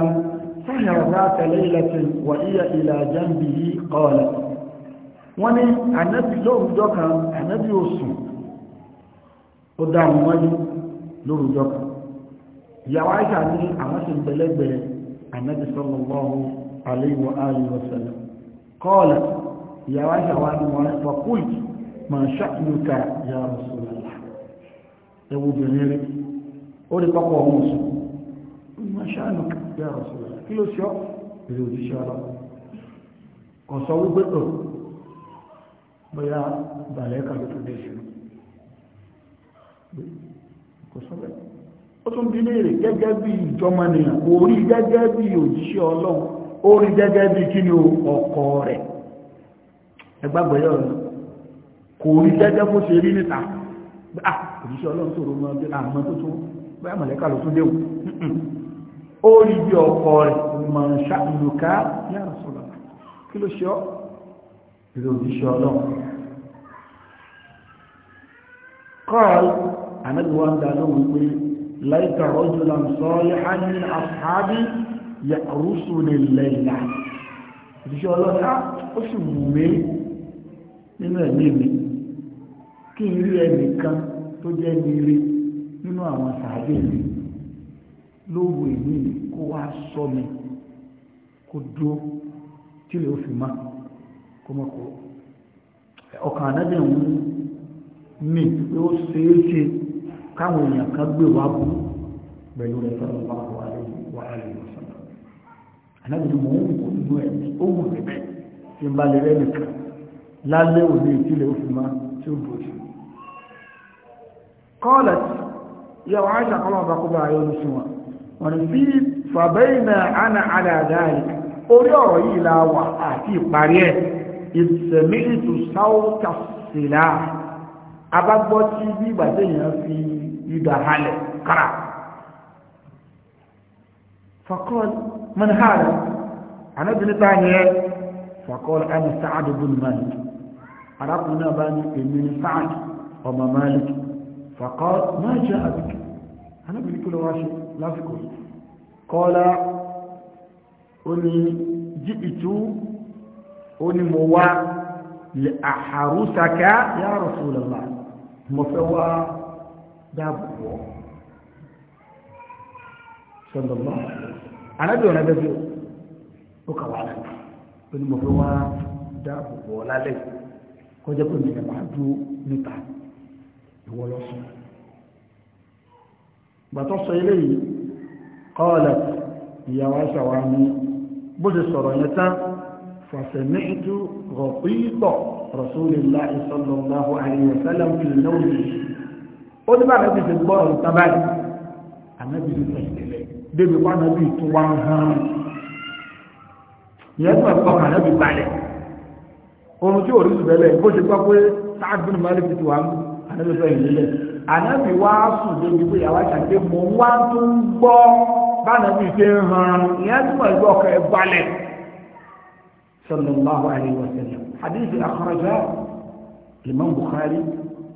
ó dá wọn mọ́jú lórúkọ kan ìyàwó àìsà ní àwọn sì ń gbẹlẹ́gbẹ̀ẹ́ ànábì sallallahu alayhi wa alihi wa sallam qala ìyàwó àìsà wa ni wọn fa qult ma sha'nuka ya Rasulullah ẹwù obìnrin rẹ ó rí pápá ọmọ sùn ma sha'nuka ya Rasulullah kí ló ṣe èrè òjíṣẹ́ ọlọ ọ̀sọ́ wípé tó oh, bóyá bàlẹ́ kan dé ṣùgbọ́n kò sọ́bẹ̀ ó tún bí léèrè gẹ́gẹ́ bí ìjọmọ̀nìyàn orí gẹ́gẹ́ bí òjíṣẹ́ ọlọ́run orí gẹ́gẹ́ bí kí ni ọkọ rẹ̀ ẹgbàgbọ́yọ̀ rẹ̀ kò rí ah tó tún bí rẹ̀ ṣàlùkà kí ló ṣe ọ́ ìròyìn ànágbèwà ń dá lóhùn pé láìka rọ́jùlá ń sọ yá ní àfáàbí yà rúṣù ní lẹ́yìnlá ìṣẹ́ ọlọ́ta ah, ó sì wù mí nínú ẹ̀mí mi kí n rí ẹnìkan tó jẹ́ ní rí nínú àwọn sàájé mi lówó èmi kó mi kó dúró tí lè ó fi má kó mọ́ kó ọkàn anábìrin mi pé ó ṣeé ṣe káwọn èèyàn kan gbé wá bú pẹ̀lú rẹ̀ sọ́dọ̀ bá wà lẹ́yìn wà lẹ́yìn sọ́dọ̀ anábìrì mò ń kó inú ẹ̀ ó wù mí bẹ́ẹ̀ tí n bá lè rẹ́ nìkan lálẹ́ òní ìtìlẹ̀ ó tí ó bò sí. kọ́ọ̀lẹ̀ ìyàwó àìsà kọ́lọ̀ bá kó bá ayọ́ ní sunwọ̀n wọ́n ní fi fàbẹ́yìnà àna àdáadáa orí ọ̀rọ̀ yìí la wà àti ìparí ẹ̀ ìsẹ̀mí ìtù sáwọ́tà sílá abágbọ́ tí bí ìgbà téèyàn fi ìdà halẹ̀ kára fakọ́l mọ́n hàlẹ̀ anábìnrin bá yẹ fakọ́l ẹni sáàdù bùn malik arákùnrin náà bá ní èmi ní sáàdù ọmọ malik fakọ́l máa jẹ́ àbíkì anábìnrin kí ló wá ṣe lásìkò kọ́lá ó ní jí ìtú ó mo wá lè àhàrúsaka ya Rasulullah mo fẹ́ wá dáàbò wọ̀ sọlọ́lọ́ arábìnrin rẹ bẹ́ẹ̀ ó kà wá lẹ́nu ó ní mo fẹ́ wá dáàbò wọ̀ lálẹ́ kọjá pé mi máa dúró níta ìwọ lọ bàtọ́ sọ eléyìí kọ́ọ̀lẹ̀ ìyàwó àṣà wa bó ṣe sọ̀rọ̀ yẹn tán فسمعت غطيط رسول الله صلى الله عليه وسلم في نومه ó ní bàbá ti fi gbọ́ ọ̀rọ̀ sábà yìí ànábì ti tẹ̀lé débi kó ànábì tó wá ń hàn yẹn tó ẹ̀kọ́ kan ànábì balẹ̀ ohun tí òrí sùbẹ́lẹ̀ bó ṣe gbọ́ pé sáàbùn mọ́lẹ̀ fi ti wà mú ànábì fẹ́ ìlélẹ̀ ànábì wá sùn débi pé yàrá ṣàgbé mò ń wá tó ń gbọ́ bánàbì ṣe ń hàn yẹn tó ẹ̀kọ́ kan ẹ̀ balẹ̀ sallallahu alayhi wa sallam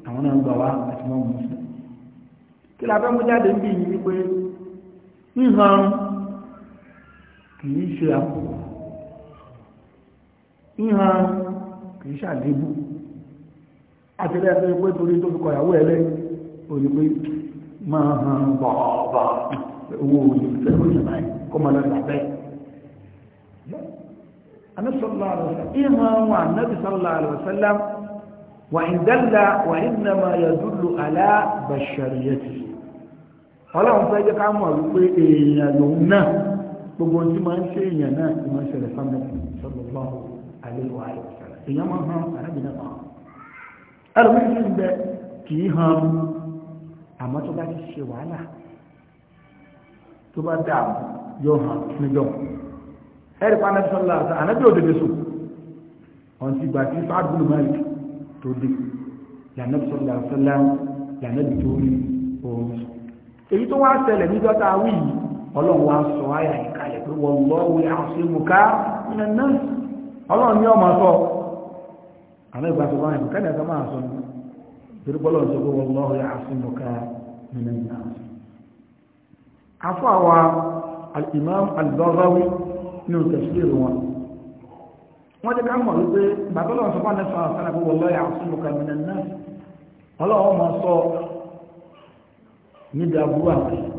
àwọn náà ń gbà wá kí la fẹ́ mú jáde ń bí yìí wípé híhan kìí ṣe àbùkù híhan kìí ṣàdébù àti ilé ẹgbẹ́ pé torí tó fi kọ ìyàwó ẹlẹ́ òní pé máa hàn bàbà owó òní lẹ́rọ ìyàmá kọmọlẹ́ ìgbàbẹ́ híhan wà nábi sallallahu alaihi wasallam وإن دل وإنما يدل على بشريته ọlọ́run fẹ́ jẹ́ ká mọ̀ wípé èèyàn lòun náà gbogbo tí máa ń ṣe èèyàn náà ti máa ń ṣẹlẹ̀ sáńdẹ̀ sallallahu alaihi wa sallam èèyàn máa hàn arábìnrin kan ẹlòmíì sì ń bẹ kì í hàn àmọ́ tó bá ti ṣe wàhálà tó bá dà yóò hàn níjọ́ ẹ̀rì pa anábì sọ́lá àti anábì òdòdó sùn ọ̀n ti gbà tí fáàbùlù máa tó dé lànàbì sọ́lá àti sọ́lá lànàbì tó rí èyí tó wá ṣẹlẹ̀ níjọ́ tá a wí yìí ọlọ́run wá sọ àyà ìkàlẹ̀ pé wọ́n lọ́wọ́ àṣemùká nínú ọlọ́run ní ọmọ sọ àwọn ìgbà tó báyìí kẹ́ni ẹ̀ka máa sọ nítorí pé ọlọ́run sọ pé wọ́n lọ́wọ́ àṣemùká nínú ìgbà afọ àwa al-Imam al-Baghawi ní tafsir wọn ká mọ̀ wípé bàbá ọlọ́run sọ fún àwọn ẹ̀fọn àṣàlàbí wọ́n lọ́wọ́ àṣemùká nínú mọ̀ sọ níbi aburú àwọn èèyàn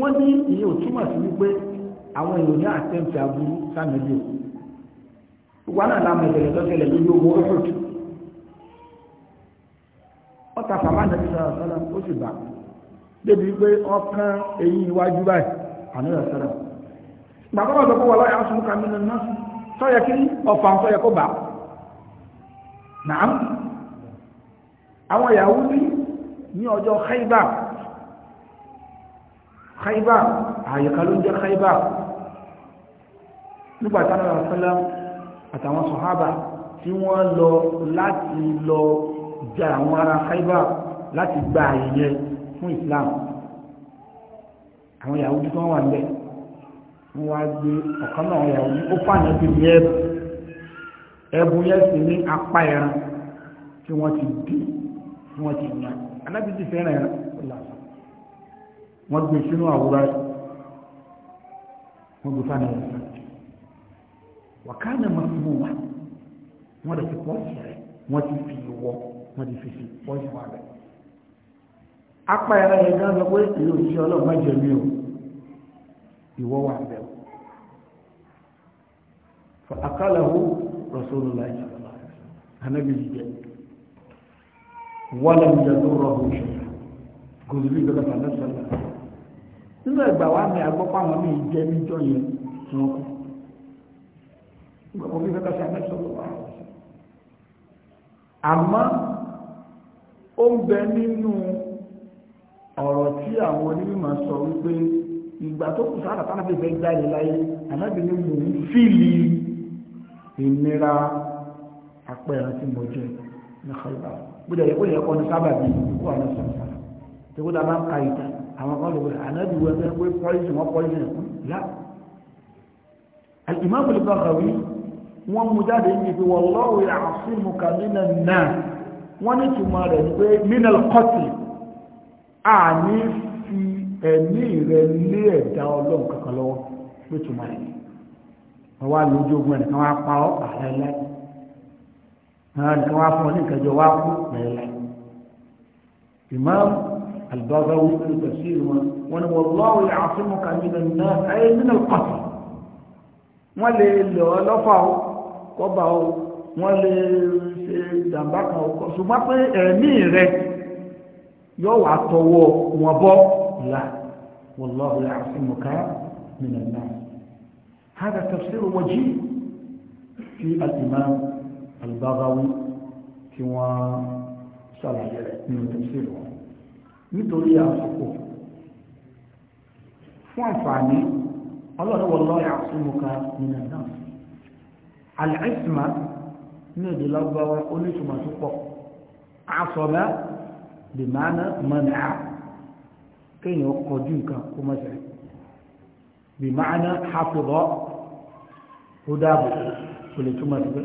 wọ́n ní ìyẹn ò túmọ̀ sí wípé àwọn èèyàn ní àtẹ́ǹtì aburú sáàmì lò wà náà láwọn ìbẹ̀rẹ̀ lọ́sẹ̀lẹ̀ lórí owó ọ̀hún wọ́n ta fàmà nàbí sọ̀rọ̀ sọ́lá ó sì bà débi pé ọkàn eyín iwájú báyìí àníyàn sọ̀rọ̀ bàbá wọn sọ pé wà láyé asùn kàmí nínú náà sọ́yẹ kí ọ̀fà ń kó bà nàám àwọn Yahudi ní ọjọ́ Khaybar Khaybar àyíká ló ń jẹ́ Khaybar nígbà táwọn àfẹ́lá àtàwọn sọ̀hábà tí wọ́n lọ láti lọ jà àwọn ará Khaybar láti gba àyẹ̀yẹ fún Islam àwọn Yahudi tó wà níbẹ̀ wọ́n wá gbé ọ̀kan náà àwọn Yahudi ó fààyàn bí i ẹ̀bù ẹ̀bù yẹn sì ní apá ẹran tí wọ́n ti dín tí wọ́n ti yàn anábìsí fẹ́ràn ẹran ó làásù wọ́n gbé sínú àwòrán wọ́n gbé fáwọn ẹ̀rọ sàn wàkánà máa mú wa wọ́n lè fi pọ́ọ̀sì rẹ̀ wọ́n ti fi wọ́ wọ́n ti fi sí pọ́ọ̀sì wa rẹ̀ apá ẹ̀rọ yẹn gan sọ pé èyí ò sí ọlọ́ọ̀ má jẹ mí o ìwọ́ wà bẹ́ẹ̀ o fa akalahu rasulullah sallallahu alaihi wasallam anabi jẹ wàlẹ̀ mi jẹ tó rọ̀ bó ṣe gòzìlì gbẹdọ̀ fàlẹ́ sọ̀rọ̀ nínú ẹgbà wa ni àgbọ́pọ̀ àwọn míì jẹ́ níjọ́ yẹn tí wọ́n kú gbogbo fífẹ́ kọ́sí amẹ́sọ̀rọ̀ wa àmọ́ ó ń bẹ nínú ọ̀rọ̀ tí àwọn onímọ̀ sọ wípé ìgbà tó kù sára tánà fífẹ́ jáde láyé ànábì ni mò ń fìlì ìnira apẹ̀rẹ̀ tí mo jẹ ní kọlbà bó dẹ̀ yẹ kọ́ ní sábàbí ikú àwọn sọ̀rọ̀ tó kó dáa bá ń ka ìtàn àwọn kan lè wẹ̀ ànábì wẹ̀ fẹ́ pé pọ́lísì wọ́n pọ́lísì ẹ̀kú lá al-Imam al-Baghawi wọ́n mú jáde ní ibi wallahu ya'simuka minan nas wọ́n ní túmọ̀ rẹ̀ ní pé minal qatl àní fi ẹ̀mí rẹ̀ lé ẹ̀dá ọlọ́run kankan lọ́wọ́ pé túmọ̀ rẹ̀ wọ́n wá lójú ogun ẹ̀ nìkan wá pa ọ́ àlẹ́lẹ́ nìkan البغوي في تفسير وانا والله يعصمك من الناس اي من القتل wọ́n lè lọ lọ́fà ó kọ́bà ó wọ́n lè ṣe ìjàmbá kan ó kọ́ ṣùgbọ́n pé ẹ̀mí rẹ yóò wà tọwọ́ wọn bọ́ la والله يعصمك من الناس هذا تفسير وجيه في الإمام البغوي في وصلى من تفسيره nítorí àsopọ̀ fún àǹfààní ọlọ́run wọ lọ́ọ̀yà àsomùka nínú náà àlẹ́sìmá ní èdè lọ́gbọ́wọ́ oníṣùmọ̀ tó pọ̀ àsọ̀bá lè máa ná mọ̀nà kéèyàn kọjú nǹkan kó má ṣe bí máa ná dáàbò kò lè túmọ̀ síbẹ̀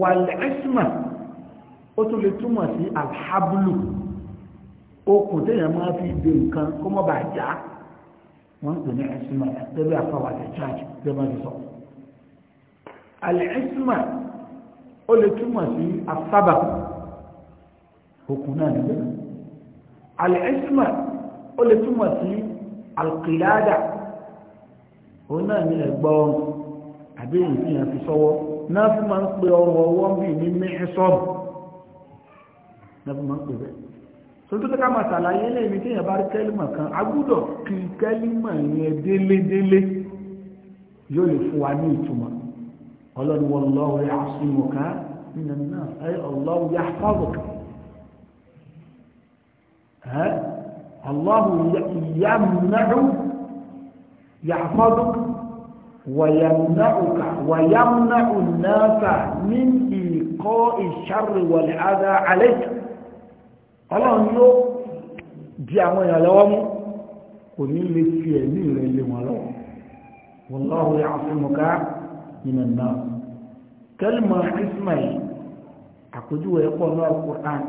wàlẹ́sìmá ó tún lè túmọ̀ sí alhablu okùn téèyàn máa fi de nǹkan kó mọ́ bàa já wọ́n ń pè ní ẹ̀sìnmà tẹ́lẹ̀ àfàwà àti charge tẹ́ bá ti sọ. alẹ́sìnmà ó lè túmọ̀ sí asábà okùn náà níbẹ̀. alẹ́sìnmà ó lè túmọ̀ sí alqilada òun náà ní ẹ̀gbọ́n àbí èyí tí yẹn fi sọ́wọ́ náà fi máa ń pe ọrùn ọwọ́ bíi ní mẹ́ẹ̀sọ́ọ̀bù lẹ́fún máa ń pè bẹ́ẹ̀ so tó tẹ́ka máa ṣàlàyé lẹ́yìn tí èèyàn bá rí kẹ́límọ̀ kan a gbúdọ̀ kí kẹ́límọ̀ yẹn délédélé yóò lè fún wa ní ìtumọ̀ ọlọ́run wallahu ya'simuka minan nas ay Allahu yahfazuka ẹ́ Allahu yamna'u yahfazuka ويمنعك ويمنع الناس من إيقاء الشر والأذى عليك ọlọ́run yóò di àwọn èèyàn lọ́wọ́ mú kò ní lè fi ẹ̀mí rẹ̀ lé wọn lọ́wọ́ wallahu ya'simuka minan nas kẹ́lìmọ̀ ismail àpèjúwe ẹ̀kọ́ náà Qur'an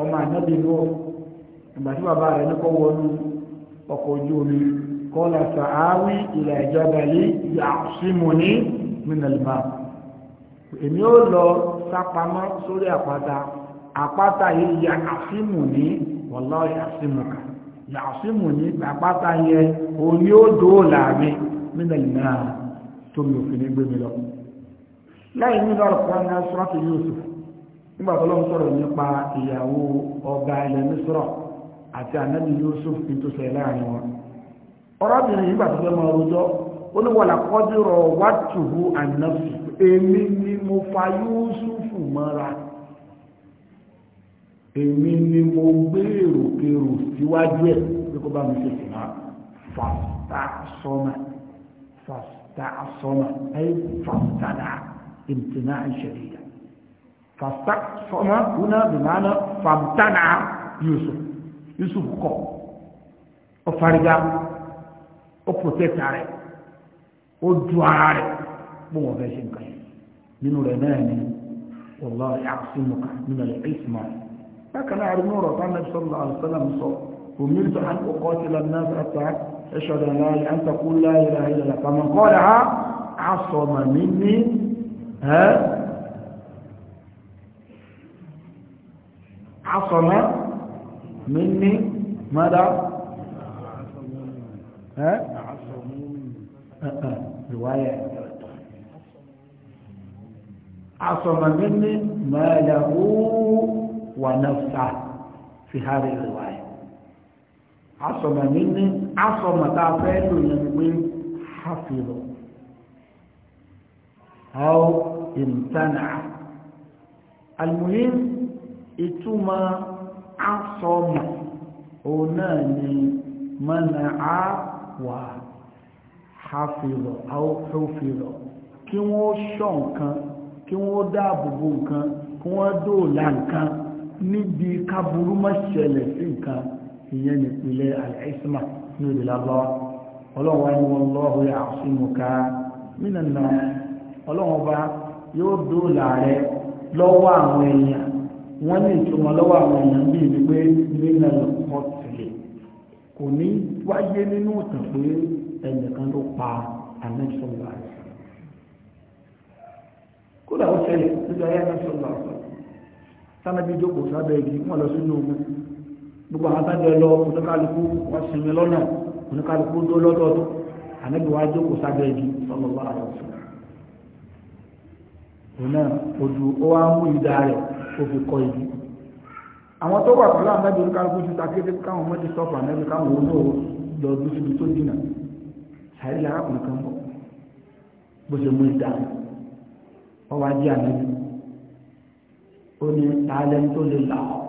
ọmọ ànábì lọ ìgbà tí bàbá rẹ̀ nípa wọnú ọkọ̀ ojú omi kọ́lá sàáwí ila jabalin ya'simuni minal ma' èmi ó lọ sápamọ́ sórí àpáta àpáta yìí ya àfíìmù ní wọ̀lọ́ọ̀yà àfíìmù kà yàásímù ní àpáta yẹ òní ó dóòlà mi nínú ìlà tó mi òfin gbé mi lọ láì nínú ọ̀pọ̀ ní asúrọ́tù Yusuf nígbà tó lọ́n sọ̀rọ̀ nípa ìyàwó ọba ilẹ̀ Mísírọ̀ àti ànábì Yusuf ní tó ṣe láàrin wọn ọ̀rọ̀bìnrin nígbà tó fẹ́ mọ ọrọ̀jọ́ ó ní wọ̀là kọ́dúrọ̀ wàtúhù ànáfì èmi ni mo fa Yusuf mọ́ra èmi ni mo gbé èròkèrò síwájú ẹ̀ pé kó bá mi ṣe sìnà fàstà sọ́mà fàstà sọ́mà ẹ̀ fàstàdà ìmtìnà ìṣẹ̀lẹ̀ fàstà sọ́mà kúnà bìmánà fàmtànà Yusuf Yusuf kọ̀ ọ fariga ó pòtẹ́tà rẹ̀ ó du ara rẹ̀ bó wọn fẹ́ ṣe nǹkan yẹn nínú rẹ̀ náà ni wàlláhi àṣìmùkà nínú rẹ̀ ìsìmọ̀ rẹ̀. لكن أعرف نورة النبي صلى الله عليه وسلم صلى أمرت أن أقاتل الناس حتى أشهد أن لا أن تقول لا إله إلا الله فمن قالها عصم مني ها عصم مني ماذا ها رواية عصم مني ما له ونفسه في هذه الرواية عصم مني عصم تعفيل ينوي حفظ أو امتنع المهم إتما عصم هناني منع وحفظ أو حفظ كي وشون كان كي ودابو كان كي ودولا كان níbi káburú má ṣẹlẹ̀ sí nǹkan ìyẹn nípìnlẹ̀ àìsímà ní òdì lábáwá ọlọ́wọ́ ni wọn lọ́wọ́ yà àṣìmùká mínàná ọlọ́wọ́ bá yóò dóòlà rẹ lọ́wọ́ àwọn èèyàn wọ́n ní ìtumọ̀ lọ́wọ́ àwọn èèyàn bíi wípé mínàná kọ́tìlẹ̀ kò ní wáyé nínú ìtàn pé ẹnìkan ló pa àmẹ́sọ̀lá kódà ó ṣẹlẹ̀ nígbà yẹn àmẹ́sọ̀lá ọ̀sán sánábí jókòó sábẹ́ igi wọ́n lọ sínú ogun gbogbo àwọn sáájú ẹ lọ oníkálukú wọ́n sinmi lọ́nà oníkálukú dó lọ́dọọdún ànábì wá jókòó sábẹ́ igi sallallahu alaihi wasallam òun náà ojú ó wá mú ìdá rẹ̀ ó fi kọ igi àwọn tó wà pẹ̀lú ànábì oníkálukú ti ta kété káwọn mọ́tì sọ́ọ̀fù ànábì káwọn owó náà lọ dúró síbi tó dínà sàrí lára kùnkan bọ̀ bó ṣe mú ìdá ọwọ́ ajé ànábì ó ní tààlẹ́ tó lè là ọ́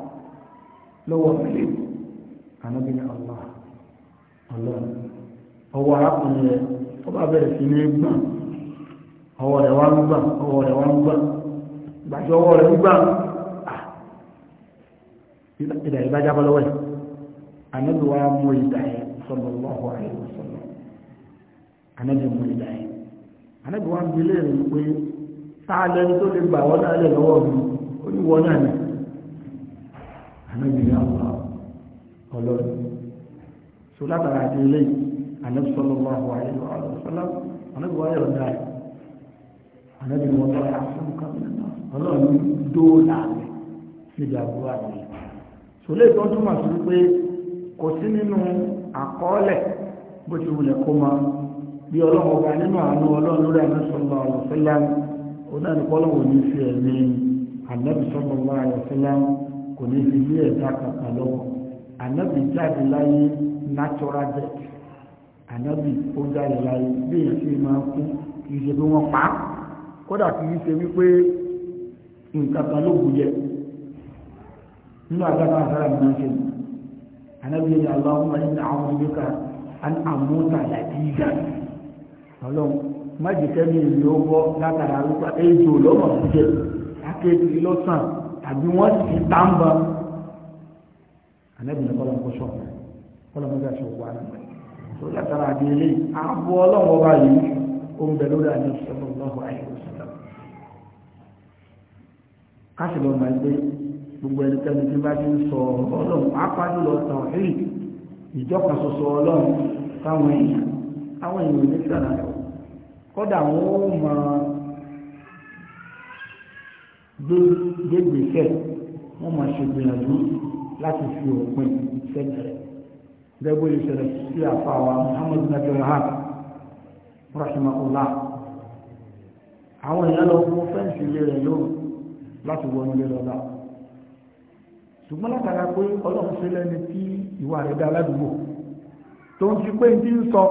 lọ́wọ́ mẹ́lẹ́ ànábì ní ọlọ́ ọlọ́ ọwọ́ arákùnrin rẹ̀ ó bá bẹ̀rẹ̀ sí ní gbọ́n ọwọ́ rẹ̀ wá ń gbà ọwọ́ rẹ̀ wá ń gbà gbàjọ ọwọ́ rẹ̀ ń gbà ìdà ìbájá bọ́ lọ́wọ́ ẹ̀ ànábì wa mú ìdà ẹ̀ sallallahu alaihi wasallam ànábì mú ìdà ẹ̀ ànábì wa ń bilé rẹ̀ pé tààlẹ́ tó lè gbà wọ́n dálẹ̀ lọ́wọ́ mi oníwọ náà ni ànábìyà wà ọlọ́run so látara àti ilé ànábì sọlọ wà wà ayé wà lọ sọlá ànábì wà yọ̀ dáa ànábì wọn bá yà fún kàmínà ọlọ́run dóòlà rẹ̀ níbi àbúrò àti so lè tó túmọ̀ sí pé kò sí nínú àkọọ́lẹ̀ bó ti wulẹ̀ kó máa bí ọlọ́run ọba nínú àánú ọlọ́run lórí ànábì sọlọ ànábì sallallahu alaihi wasallam kò ní fi ilé ẹ̀dá kankan lọ́wọ́ ànábì jáde láyé natural death ànábì ó jáde láyé bí èyí sì máa kú kì í ṣe bí wọ́n pa á kódà kì í ṣe wípé nǹkan kan ló bù yẹ nínú àgbàdo àtàrà mi máa ṣe nù ànábì yẹn Allahumma inni a'udhu bika an amuta ladiza ọlọ́run má jẹ́ kẹ́mi ìlú ó bọ́ látara wípé èjò lọ́mọ̀ fún jẹ́ kéèkì lọ́sàn tàbí wọ́n sì tàǹbà ànábì ní kọ́lọ̀ kọ́sọ̀ kọ́lọ̀ mọ́gà ṣe wà nígbà tó látara àdé ilé ààbò ọlọ́wọ́ bá yìí ó ń bẹ lórí àdé ìṣẹ́lẹ̀ ọlọ́wọ́ ayé òṣèlú káṣí lọ máa gbé gbogbo ẹnikẹ́ni tí bá ti ń sọ ọlọ́run apájú lọ tàn sí ìjọkan ṣoṣo ọlọ́run táwọn èèyàn táwọn èèyàn ò ní sàrà kọ́dà wọn ó máa gbégbèsè wọn máa ṣe gbìyànjú láti fi òpin sẹ́yìn rẹ̀ gẹ́gbó lè ṣẹlẹ̀ sí àfàwà muhammadu nàìjíríà hàn rahimahullah àwọn èèyàn lọ fún fẹ́ǹsì ilé rẹ̀ yóò láti wọ ilé lọ́la ṣùgbọ́n látara pé ọlọ́run ṣe lẹ́ni tí ìwà rẹ̀ dá ládùúgbò tó ń ti pé ti ń sọ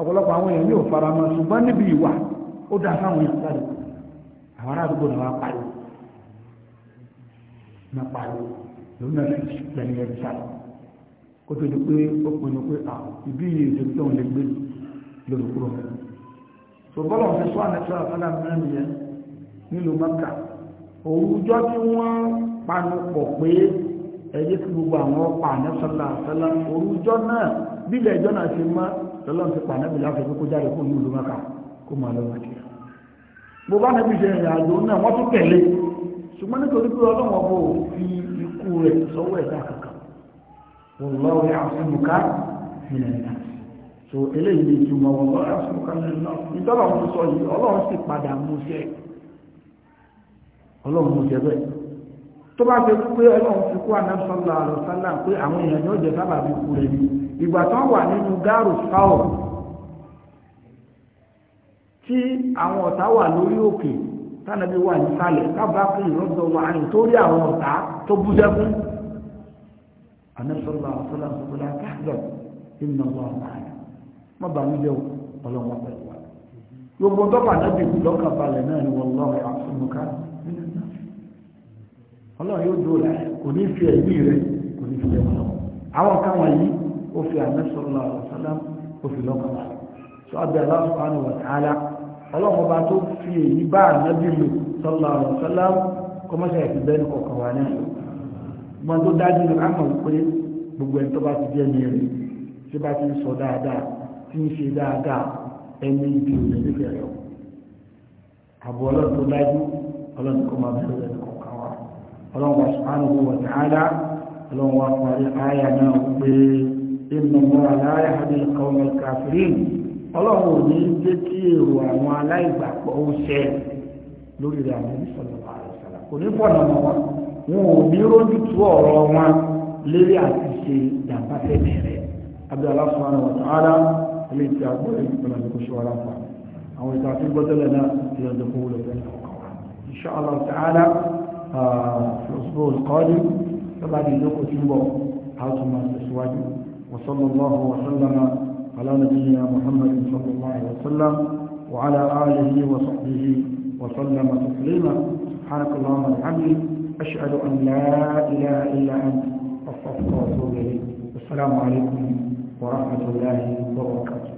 ọ̀pọ̀lọpọ̀ àwọn èèyàn yóò fara mọ́ ṣùgbọ́n níbi ìwà ó dá sáwọn èèyàn sáré àwọn ará àdúgbò náà wá pariwo náà pariwo lòun náà fi lẹ́nu ẹ̀rí sáré kó tó di pé ó pinnu pé à ìbí yìí ètò tó ń lè gbé lórí kúrò mẹ́rin tó bọ́lá òun ti sọ àmẹ́sọ́ àfẹ́lá mẹ́rin yẹn nílùú mẹ́ka òwújọ́ tí wọ́n panu pọ̀ pé ẹ̀yẹ́ kí gbogbo àwọn ọ̀pá àmẹ́sọ́lá àfẹ́lá òwújọ́ náà bílẹ̀ ìjọ náà ti mọ́ lọ́lọ́run ti pa ànábì láti kó jáde kó nílùú mẹ́ka kó máa lọ́wọ́ kí gbogbo ànábì ṣe ìrìn àjò náà wọ́n tún tẹ̀lé ṣùgbọ́n nítorí pé ọlọ́wọ́ bò ó fi ikú rẹ̀ sọ́wọ́ ẹ̀dá kankan wọ́lọ́wọ́ yà fún so eléyìí lè túmọ̀ wọ́lọ́wọ́ yà fún mùká nílẹ̀ náà ìtọ́lọ̀ ń sọ yìí ọlọ́run sì padà mú sẹ́ ọlọ́run mú sẹ́ bẹ́ẹ̀ tó bá fẹ́ pé ọlọ́run fi kú ànáṣọ́lá àlọ́sálà pé àwọn èèyàn yóò jẹ sábà tánàbí wà nísàlẹ̀ kábàá fún ìrọ́dọ̀ wà ní torí àwọn ọ̀tá tó bú sẹ́kún anẹ́sọ̀lá ọ̀sọ́lá ọ̀sọ́lá káàdọ̀ ìnà wà láàyè má bàa ń jẹun ọlọ́wọ́ pẹ̀lú wa gbogbo dọ́pà nábì lọ́kàn balẹ̀ náà ni wọ́n lọ́wọ́ àfúnùká ọlọ́run yóò dúró láyé kò ní fi ẹ̀mí rẹ̀ kò ní fi ẹ̀wọ̀n lọ àwọn kan wọ̀nyí ó fi anẹ́sọ̀lá ọ̀sọ́lá ó fi lọ́kàn balẹ̀ sọ ọlọ́run ọba tó fi èyí bá ànábì lò sọ́lá ọ̀rọ̀ sọ́lá kọmọ́ṣẹ́ ìfìbẹ́nu kọ̀ọ̀kan wà náà mọ́ tó dájú ní àmọ̀ pé gbogbo ẹni tó bá ti jẹ́ mìíràn tí bá ti ń sọ dáadáa tí ń ṣe dáadáa ẹni ibi òde nífẹ̀ẹ́ rẹ̀ àbọ̀ ọlọ́run tó dájú ọlọ́run kọ́ máa bẹ̀rẹ̀ rẹ̀ kọ̀ọ̀kan wà ọlọ́run wa subhanahu wa ta'ala ọlọ́run wa parí àyà náà pé inna Allaha la yahdi al-qawma al-kafirin ọlọ́run ò ní jẹ́ kí èrò àwọn aláìgbàgbọ́ ó ṣẹ lórí rẹ̀ àwọn oníṣọ̀lọ́ àrùsàlà kò ní fọ̀nà mọ́ wọn wọn ò ní rójú tú ọ̀rọ̀ wọn lérí àti ṣe ìjàmbá tẹ̀lé rẹ̀ abẹ́ aláṣọ́nà wọ̀tá ara ilé ìtì àgbọ̀rẹ̀ ìpínlẹ̀ ní kò ṣe wà àwọn ìta àti gbọ́tẹ́lẹ̀ náà ti ọjọ́ kó wúlò tẹ́lẹ̀ ọkàn wa inṣọ́ọ̀lá tààlà fọ́sibọ́ ìkọ́lé tó على نبينا محمد صلى الله عليه وسلم وعلى آله وصحبه وسلم تسليما سبحانك اللهم وبحمدك أشهد أن لا إله إلا أنت أستغفرك وأتوب إليك السلام عليكم ورحمة الله وبركاته